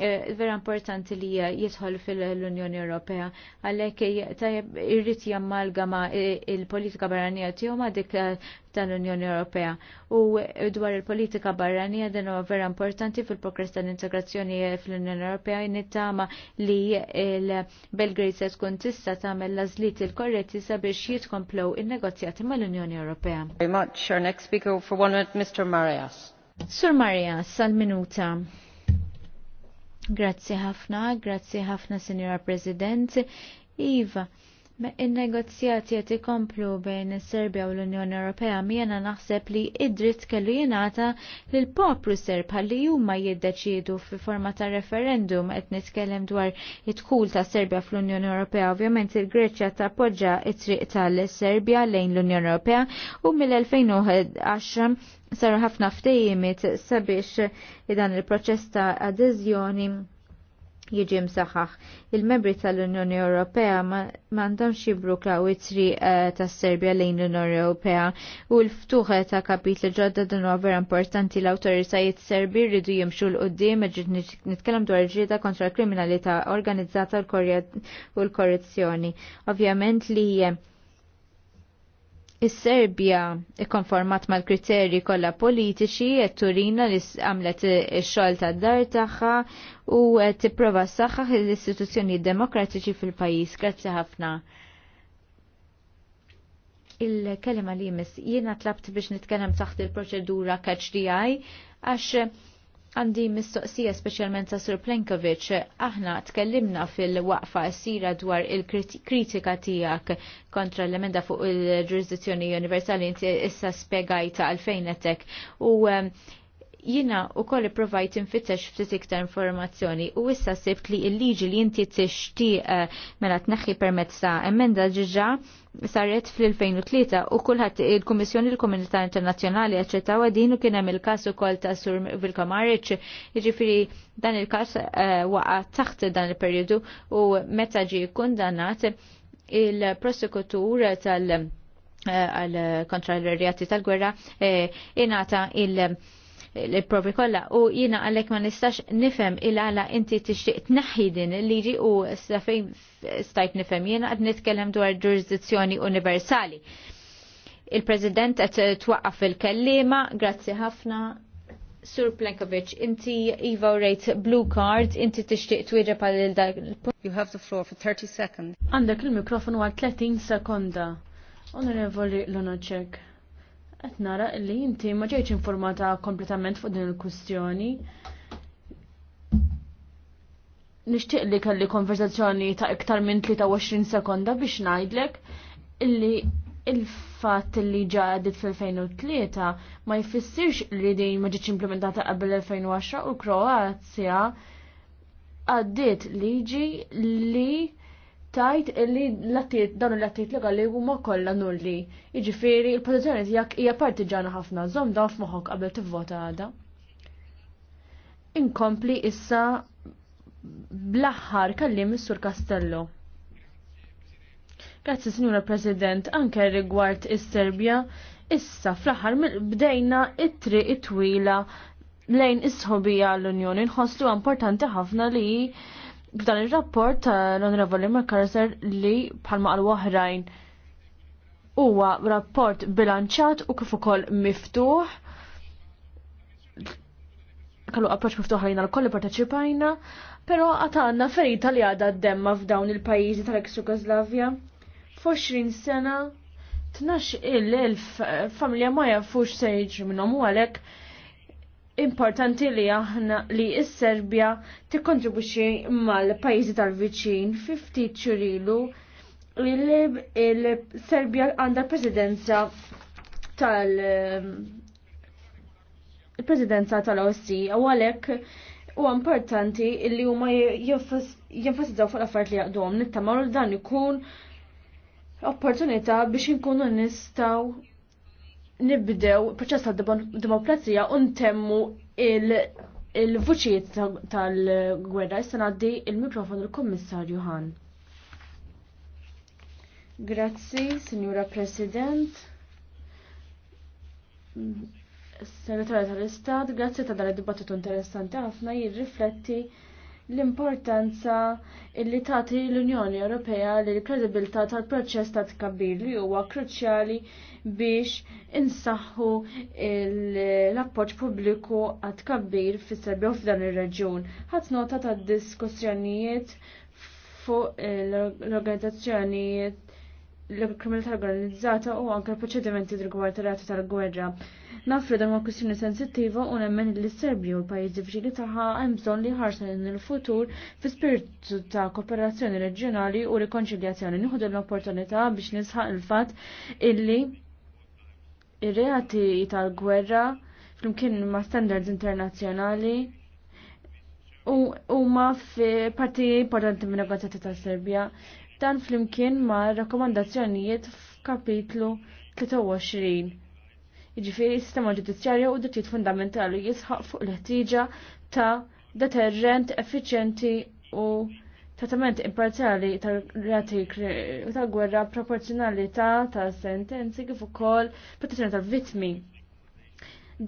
Eh, vera importanti li jidħol fil-Unjoni Ewropea. Għalek tajab irrit jammalgama il-politika barranija tiegħu ma dik eh, tal-Unjoni Ewropea. U dwar il-politika barranija din huwa vera importanti fil-progress tal-integrazzjoni eh, fl-Unjoni Ewropea nittama li il-Belgrade se tkun tista' tagħmel lażlit il-korretti sabiex jitkomplew in-negozjati mal-Unjoni Ewropea. Very much. Our next speaker for one minute, Mr. Marias. Sur Marias, sal-minuta. Grazzi ħafna, grazzi ħafna, Sinjora President. Iva, In-negozjati għet ikomplu bejn is-Serbja u l-Unjoni Ewropea miena naħseb li id-dritt kellu jingħata lil poplu Serb għalli huma jiddeċiedu fi forma ta' referendum qed nitkellem dwar id-dħul ta' Serbja fl-Unjoni Ewropea. Ovvjament il-Greċja tappoġġa it-triq tal-Serbja lejn l-Unjoni Ewropea u mill-2010 saru ħafna ftejjimiet sabiex dan il-proċess ta' adeżjoni jiġi msaħħaħ. Il-membri tal-Unjoni Ewropea m'għandhomx jibru klaw eh, tas-Serbja lejn l-Unjoni Ewropea u l-ftuħa ta' kapitli ġodda dan huwa vera importanti l-awtoritajiet Serbi rridu jimxu l qudiem nitkellem dwar ġrieda kontra l-kriminalità organizzata u l-korruzzjoni. Ovvjament li Is-Serbja ikkonformat mal-kriterji kollha politiċi qed turina li għamlet ix-xogħol tad-dar tagħha u qed tipprova saħħaħ l-istituzzjoni demokratiċi fil-pajjiż. Grazzi ħafna. il kelma li jmiss jiena tlabt biex nitkellem taħt il-proċedura catch DI għax Għandi mistoqsija speċjalment ta' Sur Plenkovic, aħna tkellimna fil-waqfa sira dwar il-kritika tijak kontra l-emenda fuq il-ġurisdizzjoni universali inti issa spiegajta għalfejn etek u um, jina u koll provajt infittex ftit iktar informazzjoni u issa sibt li il-liġi li inti t-ixti eh, mela tneħħi permezz ta' emenda ġiġa saret fl-2003 u kulħadd il-Kummissjoni l-Komunità Internazzjonali aċċettaw din u kien hemm il-każ ukoll ta' Sur Vilkamaric, jiġifieri dan il-każ eh, waqa' taħt dan il periodu u meta ġie kundannat il-prosekutur tal- eh, għal kontra l-rjati tal-gwerra inata il- l-provi kollha u jiena għalhekk ma nistax nifhem il għala inti tixtieq tnaħħi din il-liġi u s-safin stajt nifhem jina qed nitkellem dwar ġurisdizzjoni universali. Il-President qed twaqqaf il-kellima, grazzi ħafna. Sur Plenkovic, inti Iva rejt blue card, inti tixtieq twieġeb għal dak You have the floor for 30 seconds. Għandak il mikrofon għal 30 sekonda. Onorevoli Lonoċek qed nara li inti ma ġejtx informata kompletament fuq din il kustjoni Nixtieq li kelli konverzazzjoni ta' iktar minn 23 sekonda biex ngħidlek illi il-fatt li ġadit fil-2003 ma jfissirx li din ma ġietx implementata qabel 2010 u Kroazja għaddiet liġi li tajt li l-attijiet dawn l-attijiet legali huma kollha nulli. Jiġifieri il-pożizzjoni tiegħek hija partiġana ħafna żomm dawn f'moħħok qabel tivvota għadha. Inkompli issa bl-aħħar kallim is-Sur Castello. Grazzi Signora President, anke rigward is-Serbja, issa fl-aħħar bdejna it-triq it-twila lejn is-sħobija l-Unjoni nħosslu importanti ħafna li f'dan ir-rapport tal-Onorevoli McCarther li bħalma għal oħrajn huwa rapport bilanċat u kif ukoll miftuħ kallu approċ miftuħ għalina l-kolli parteċipajna, pero għatanna ferita li għada d-demma f'dawn il-pajizi tal-ex Jugoslavja. F'20 sena, tnax il-familja ma jafux sejġ minnom u għalek importanti li aħna li s-Serbja tikkontribwixxi mal-pajjiżi tal-viċin fi ftit xurilu li l-Serbja għandha presidenza tal- il-presidenza um, tal-OSC u għalhekk huwa importanti li huma jenfasizzaw fuq l-affarijiet li jaqduhom nittamaw dan ikun opportunità biex inkunu nistgħu nibdew proċess ta' demokrazija untemmu il-vuċiet tal-gwerra. Issa ngħaddi il-mikrofon il-Kummissarju Han. Grazzi, Signora President. Segretarja tal-Istat, grazzi ta' dal dibattitu interessanti ħafna jirrifletti l-importanza illi tagħti l-Unjoni Ewropea l kredibilità tal-proċess ta' tkabbir li huwa kruċjali biex insaħħu l-appoġġ pubbliku għat tkabbir fis-Serbja u f'dan ir-reġjun. Ħadd nota tad-diskussjonijiet fuq eh, l-organizzazzjonijiet l-kriminalità organizzata u anke l-proċedimenti rigward ir tal-gwerra. Nafri dan huwa kwistjoni sensittiva u nemmen li s-Serbju u l-pajjiżi viċini tagħha hemm bżonn li ħarsan il-futur fi spiritu ta' kooperazzjoni reġjonali u rikonċiljazzjoni. Nieħu l-opportunità biex nisħaq il-fatt illi ir-reati tal-gwerra flimkien ma' standards internazzjonali u huma fi parti importanti minn negozjati ta' Serbja dan flimkien ma' rakkomandazzjonijiet f'kapitlu 23 jiġifieri sistema ġudizzjarja u drittijiet fundamentali jisħaq fuq l-ħtieġa ta' deterrent effiċenti u trattament imparzjali tal-rati ta' gwerra proporzjonalità ta' sentenzi kif ukoll protezzjoni tal-vittmi.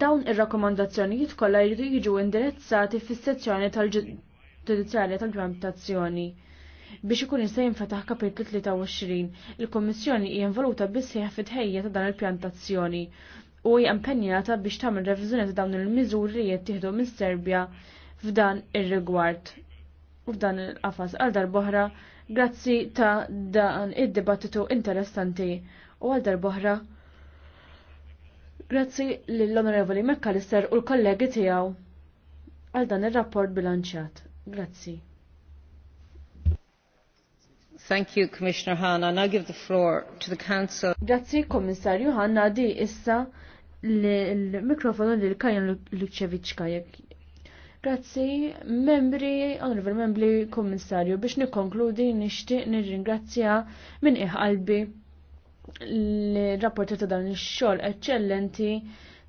Dawn ir-rakkomandazzjonijiet kollha jridu jiġu indirizzati fis-sezzjoni tal-ġudizzjarja tal-grantazzjoni biex ikun jista' jinfetaħ kapitlu 23. Il-Kummissjoni hija involuta biss fit ħejja ta' dan il-pjantazzjoni u hija impenjata biex tagħmel reviżjoni ta' dawn il miżurijiet tieħdu minn Serbja f'dan ir-rigward u f'dan il-qafas għal darboħra grazzi ta' dan id-dibattitu interessanti u għal darboħra grazzi lill-Onorevoli McAllister u l-kollegi tiegħu għal dan ir-rapport bilanċjat. Grazzi. Thank you, Commissioner Hanna. Now give the floor to the Council. Grazzi, Commissario Hanna, di issa l-mikrofonu li l-Kajan Lukċeviċka jek. Grazzi, membri, onorevoli membri, kommissarju, biex nikonkludi nixtieq nirringrazzja minn iħalbi l-rapporter ta' dan ix-xogħol eċċellenti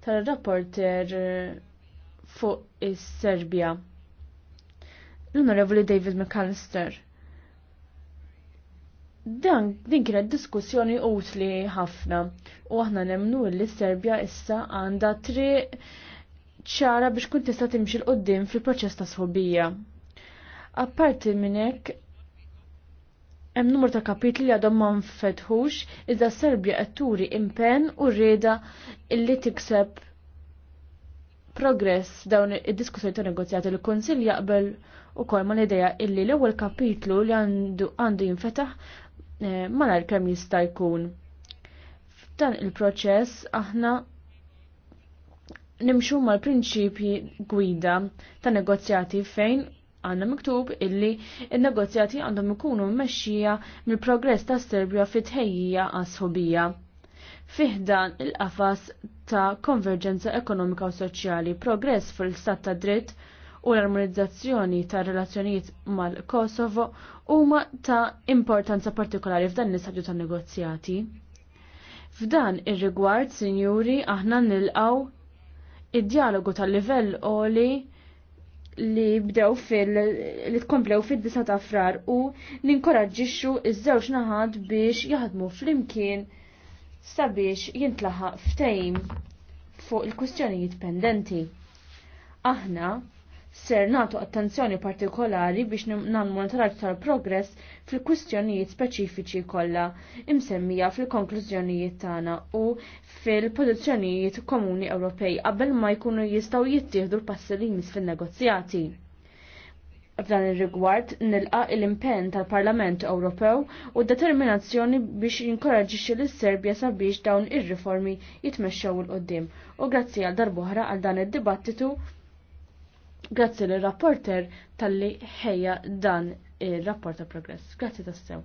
tal-rapporter fuq is-Serbja. L-Onorevoli David McAllister. Dan din kienet diskussjoni utli ħafna u aħna nemnu li Serbja issa għandha tri ċara biex kun tista' timxi l-qoddim fil-proċess ta' sħobija. Apparti minn hekk hemm numru ta' kapitli li għadhom ma nfetħux iżda Serbja qed turi impenn u rrieda li tikseb progress dawn id-diskussjoni ta' negozjati li kunsil jaqbel u kol ma l idea illi l-ewwel kapitlu li għandu għandu jinfetaħ Eh, malar kemm jista' jkun. F'dan il-proċess aħna nimxu mal-prinċipji gwida ta' negozjati fejn għanna miktub illi il-negozjati għandhom ikunu mmexxija mill-progress ta' Serbja fit-ħejjija għas-ħobija. Fiħdan il-qafas ta' konverġenza ekonomika u soċjali, progress fil-stat ta' dritt, u l-armonizzazzjoni ta' relazzjonijiet mal-Kosovo huma ta' importanza partikolari f'dan l-istadju ta' negozjati. F'dan ir-rigward, sinjuri, aħna nilqaw id-dialogu tal-livell oli li bdew fil li tkomplew fid-9 ta' frar u ninkoraġġixxu iż-żewġ naħad biex jaħdmu flimkien sabiex jintlaħaq ftejm fuq il-kwistjonijiet pendenti. Aħna ser nagħtu attenzjoni partikolari biex nagħmlu monitoraġġ tal-progress fil-kwistjonijiet speċifiċi kollha imsemmija fil-konklużjonijiet tagħna u fil-pożizzjonijiet komuni Ewropej qabel ma jkunu jistgħu jittieħdu l-passi li jmiss fin-negozjati. F'dan ir-rigward nilqa l-impenn tal-Parlament Ewropew u determinazzjoni biex jinkoraġixxi lis serbja sabiex dawn ir-riformi jitmexxew il qoddim U grazzi għal darbohra għal dan id-dibattitu Grazzi l-rapporter tal-li ħeja dan il-rapport ta' progress. Grazzi tassew.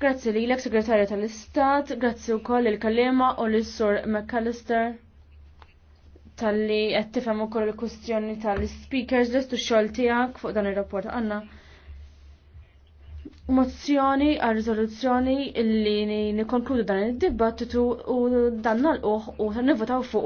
Grazzi li l-ek segretarja tal-Istat, grazzi u koll il-kalima u l-sur McAllister tal-li għattifem u koll il-kustjoni tal-speakers list u xol tijak fuq dan il-rapport għanna. Mozzjoni għal rizoluzzjoni li nikonkludu dan il-dibattitu u dan nal-uħ u tan-nivotaw fuq